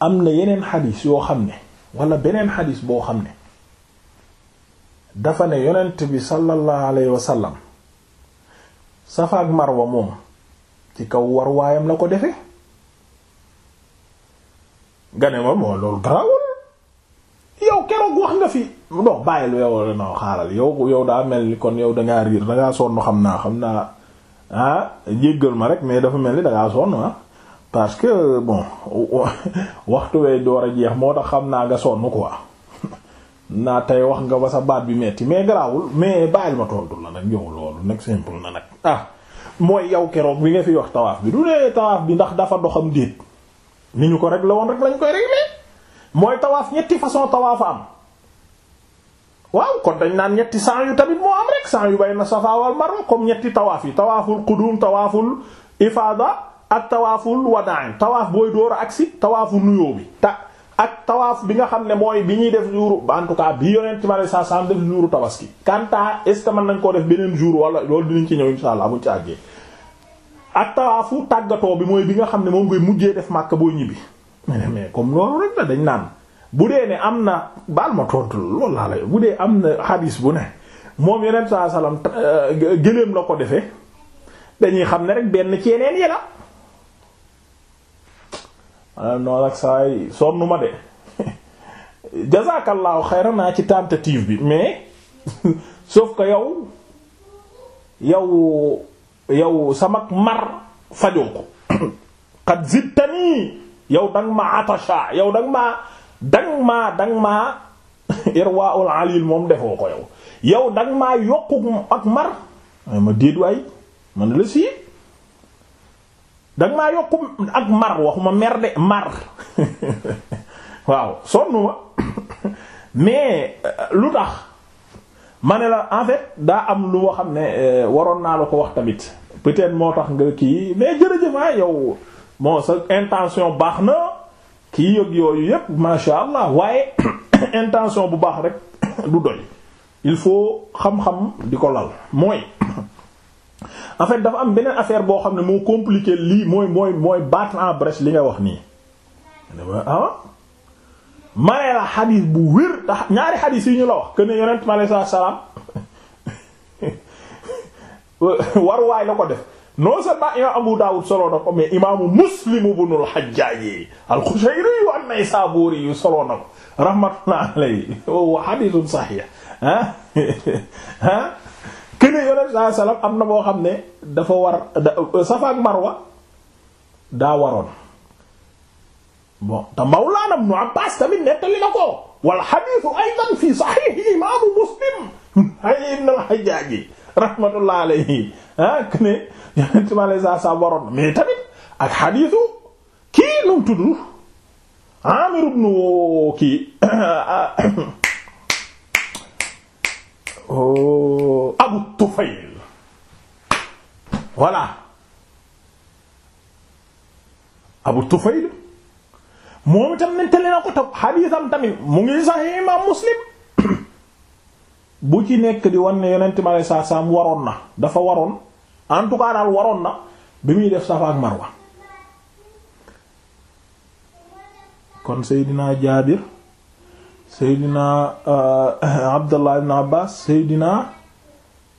[SPEAKER 1] am na yeneen xadis yoo xam ne walla beneen xadis boo xam ne dafa ne yonent bi sallallahu alayhi wa sallam Safa moom ci kaw war waayam la ko defe nga ne ma moo loolu garawul yow keroog wax nga fi do bàyyil yow no xaaral yow yow daa mel ni kon yow dangaa riir dangaa sonn xam naa xam naa ah jéggal ma rek mais dafa mel ni dangaa sonn ah parce que bon waxtu wey door a jeex moo tax xam naa nga sonn quoi naa tey wax nga ba sa baat bi metti mais garaawul mais bàyyil ma tontu la nag yow loolu nag simple na nag ah mooy yow keroog bi nga fi wax tawaaf bi du nee tawaaf bi ndax dafa doxam déet ni ñu ko rek la woon rek lañ koy régler mooy tawaaf ñetti façon tawaaf am waaw kon dañ naan ñetti sang yu tamit moo am rek sang yu bay na Safa wal Marwa comme ñetti tawaaf yi tawaaful qudum ak tawaaful wadaa tawaaf booy door a agsi tawaafu nuyoo bi ta ak tawaaf bi nga xam ne mooy bi ñuy def jour en tout cas bi yonent ma saa saa def jour tabaski. quant à nañ koo def beneen jour wala loolu ci ñëw insha allah buñ ci àggee ak tawaafu tàggatoo bi mooy bi nga xam ne moom ngay mujjee def màkk booy ñibbi. mais mais dañ naan bu dee am na baal ma bu dee am na xadiis bu ne moom yonent saa salaam euh, gëléem la ko defee dañuy xam ne rek benn ci yeneen yi maanaam noonu ak saa yi ma de jazaakallaahu xayran naa ci tentative bi mais sauf que yow yow yow sama mar fajoo ko xat zittanii yow dang ma atasha yow dang ma dang ma dang ma irwaul alil moom defoo ko yow dang ma yokku ak mar ma déet waay man la sii danga maa yokk ak mar waxuma mer de mar waaw sonn ma mais euh, lu tax ma ne la en fait daa am lu ma xam ne euh, waroon naa la ko wax tamit peut-être moo tax nga kii mais jërëjëf ah yow bon sa intention baax na kii yëg yooyu yépp masha Allah waaye intention bu baax rek du doy il faut xam-xam di ko lal mooy. en dafa am beneen affaire boo xam ne moo compliqué lii mooy mooy mooy battre en brèche li nga wax nii ah la xadiis bu wér tax ñaari xadiis yi ñu la wax que ne yonent mi alayhi salaam waruwaay la ko def non seulement imam Abu Dawud solo na ko mais imaamu Muslim ibn al-Hajjaj al-Qushayri an-Naysaburi yu solo na ko rahmatullah alayhi wa hadithun sahih ah ah kene yonent saa am na boo xam ne dafa war euh, Safa ak Marwa daa waroon bon te Mawlaana Ibnu Abbaas tamit nettali na ko wal hadiisu aydan fi saxiix imaamu Muslim ibn al-Hajjaaji rahmatullahi alayhi ah kene yonent ma lay saa saa waroon mais tamit ak hadiisu kii nu mu tudd Aamir kii. Ah, oh Abu Tufayl voilà Abu Tufayl moom itam nettali na ko tam xadiisam tamit mu ngi saxi imaam Muslim bu ci nekk di wan ne yonent mi aleyhi salaatu waroon na dafa waroon en tout daal waroon na bi muy def Safa ak Marwa kon Seydina Jaabir Seydina uh, Abdallah ibn Abbas Seydina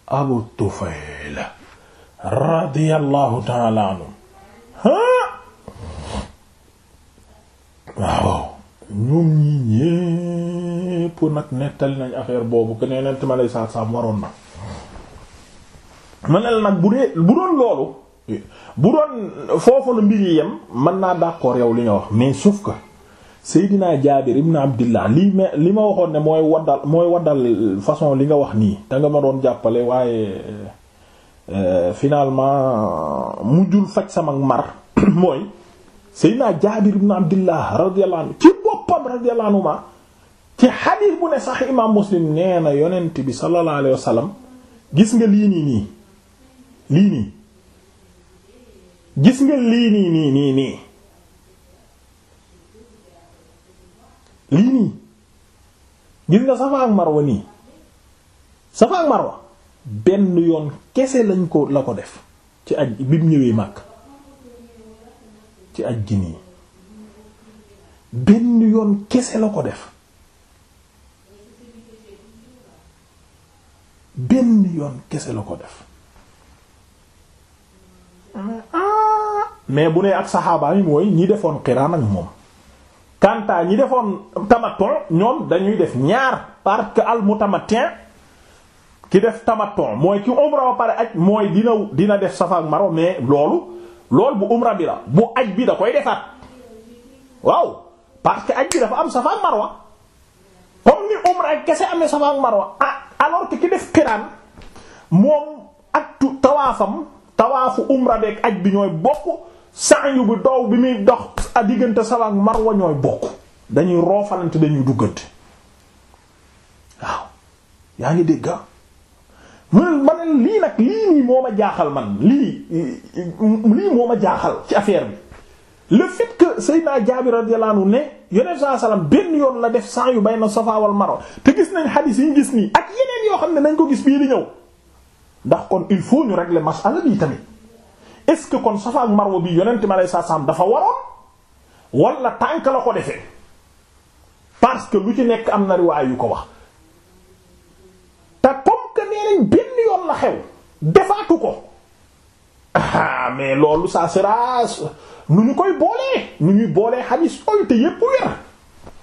[SPEAKER 1] Abu Tufayl radiyallahu ta'ala anhu waaw ñoom ñi ñépp nag nettali nañ affaire boobu que nee nañ ma lay saa saa waroon na ma ne la nag bu dee bu doon loolu bu doon foofu la mbir yem mën naa d'accord yow li nga wax mais sauf que. Seydina Jaabir ibn Abdillah lii ma li ma waxoon ne mooy waddal mooy waddal façon li nga wax nii da nga ma doon jàppale waaye euh, finalement mujjul faj sama mar mooy Seydina Jaabir ibn Abdillah radiyallahu anhu ci boppam radiyallahu anhu ma ci xadiis bu ne sax imaam Muslim nee yonent bi sallallahu alayhi gis nga lii nii nii lii nii gis nga lii nii nii nii lii nii gis nga Safa Marwa nii Safa Marwa benn yoon kese lañ ko la ko def ci aj bi mu ñëwee Makka ci aj gi nii benn yoon kese la ko def benn yoon kese la ko def ah. mais bu nee ak saxaaba yi mooy ñi defoon xiraan ak moom kantaa ñi defoon tamattu ñoom dañuy def ñaar parce que al mutamattin ki def tamattu mooy ki umra ba pare aj mooy dina dina def safa ak marwa mais loolu lool bu umra bi la bu aj bi da koy defaat waaw parce que aj bi dafa am safa ak marwa comme ni umra ak kese amee safa ak marwa ah alors ki def xiraan moom ak tawaafam tawaafu umra beek aj bi ñooy bokk yu bu doow bi muy dox a diggante Safa ak Marwa ñooy bokk dañuy roofalante dañuy duggante waaw yaa ngi dégg ah man man lii nag lii nii moo ma jaaxal man lii lii moo ma jaaxal ci affaire bi le fait que naa Jaabir radiyallahu anhu ne yonent saa salaam benn yoon la def saa yu bayna na wal Marwa te gis nañ xadiis yi ñu gis nii ak yeneen yoo xam ne nañ ko gis bii di ñëw ndax kon il faut ñu régler mas'ala bi tamit. est-ce que kon Safa ak Marwa bi yonent ma lay saa saam dafa waroon wala tànk la ko defee parce que lu ci nekk am na riwaay yu ko wax te comme que nee benn yoon la xew defaatu ko mais loolu ça sera nu ñu koy boolee nu ñuy boolee xadiis yooyu te yépp wér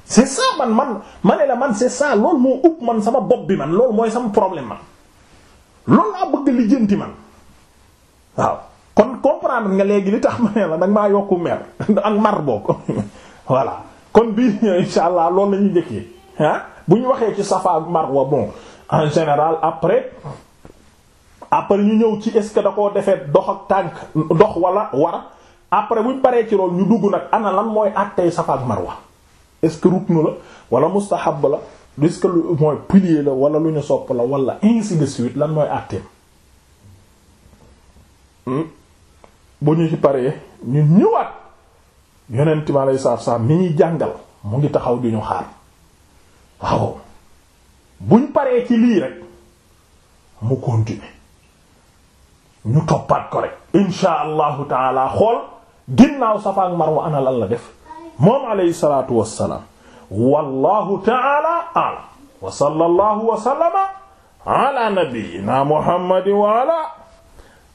[SPEAKER 1] c'est ça man man ma la man c'est ça loolu moo ëpp man sama bopp bi man loolu mooy sama problème man loolu laa bëgg lijjanti man waaw. kon comprendre nga léegi li tax ma ne la danga maa yokk mer ak mar bokk voilà kon bii insha allah loolu la ñuy njëkkee bu ñu waxee ci Safa ak Marwa bon en général après après ñu ñëw ci est-ce que da koo defee dox ak tànk dox wala war après buñ paree ci loolu ñu dugg nag ana lan mooy àttey Safa ak Marwa est-ce que la wala mustahab la est-ce que lu mooy pilier la wala lu ñu sopp la wala ainsi de suite lan mooy àtteem hmm? bu ñu ci paree ñu ñëwaat yonent mi aleyhi salaatu salaam mi ñuy jàngal mu ngi taxaw di ñu xaar waaw buñ paree ci lii rek mu continuer ñu toppaat ko rek insha allahu taala xool ginnaaw Safa ak Marwa ana lan def moom aleyhi salaatu wassalaam wallahu taala a'lam wa sallallahu wa sallama ala muhammadin wa ala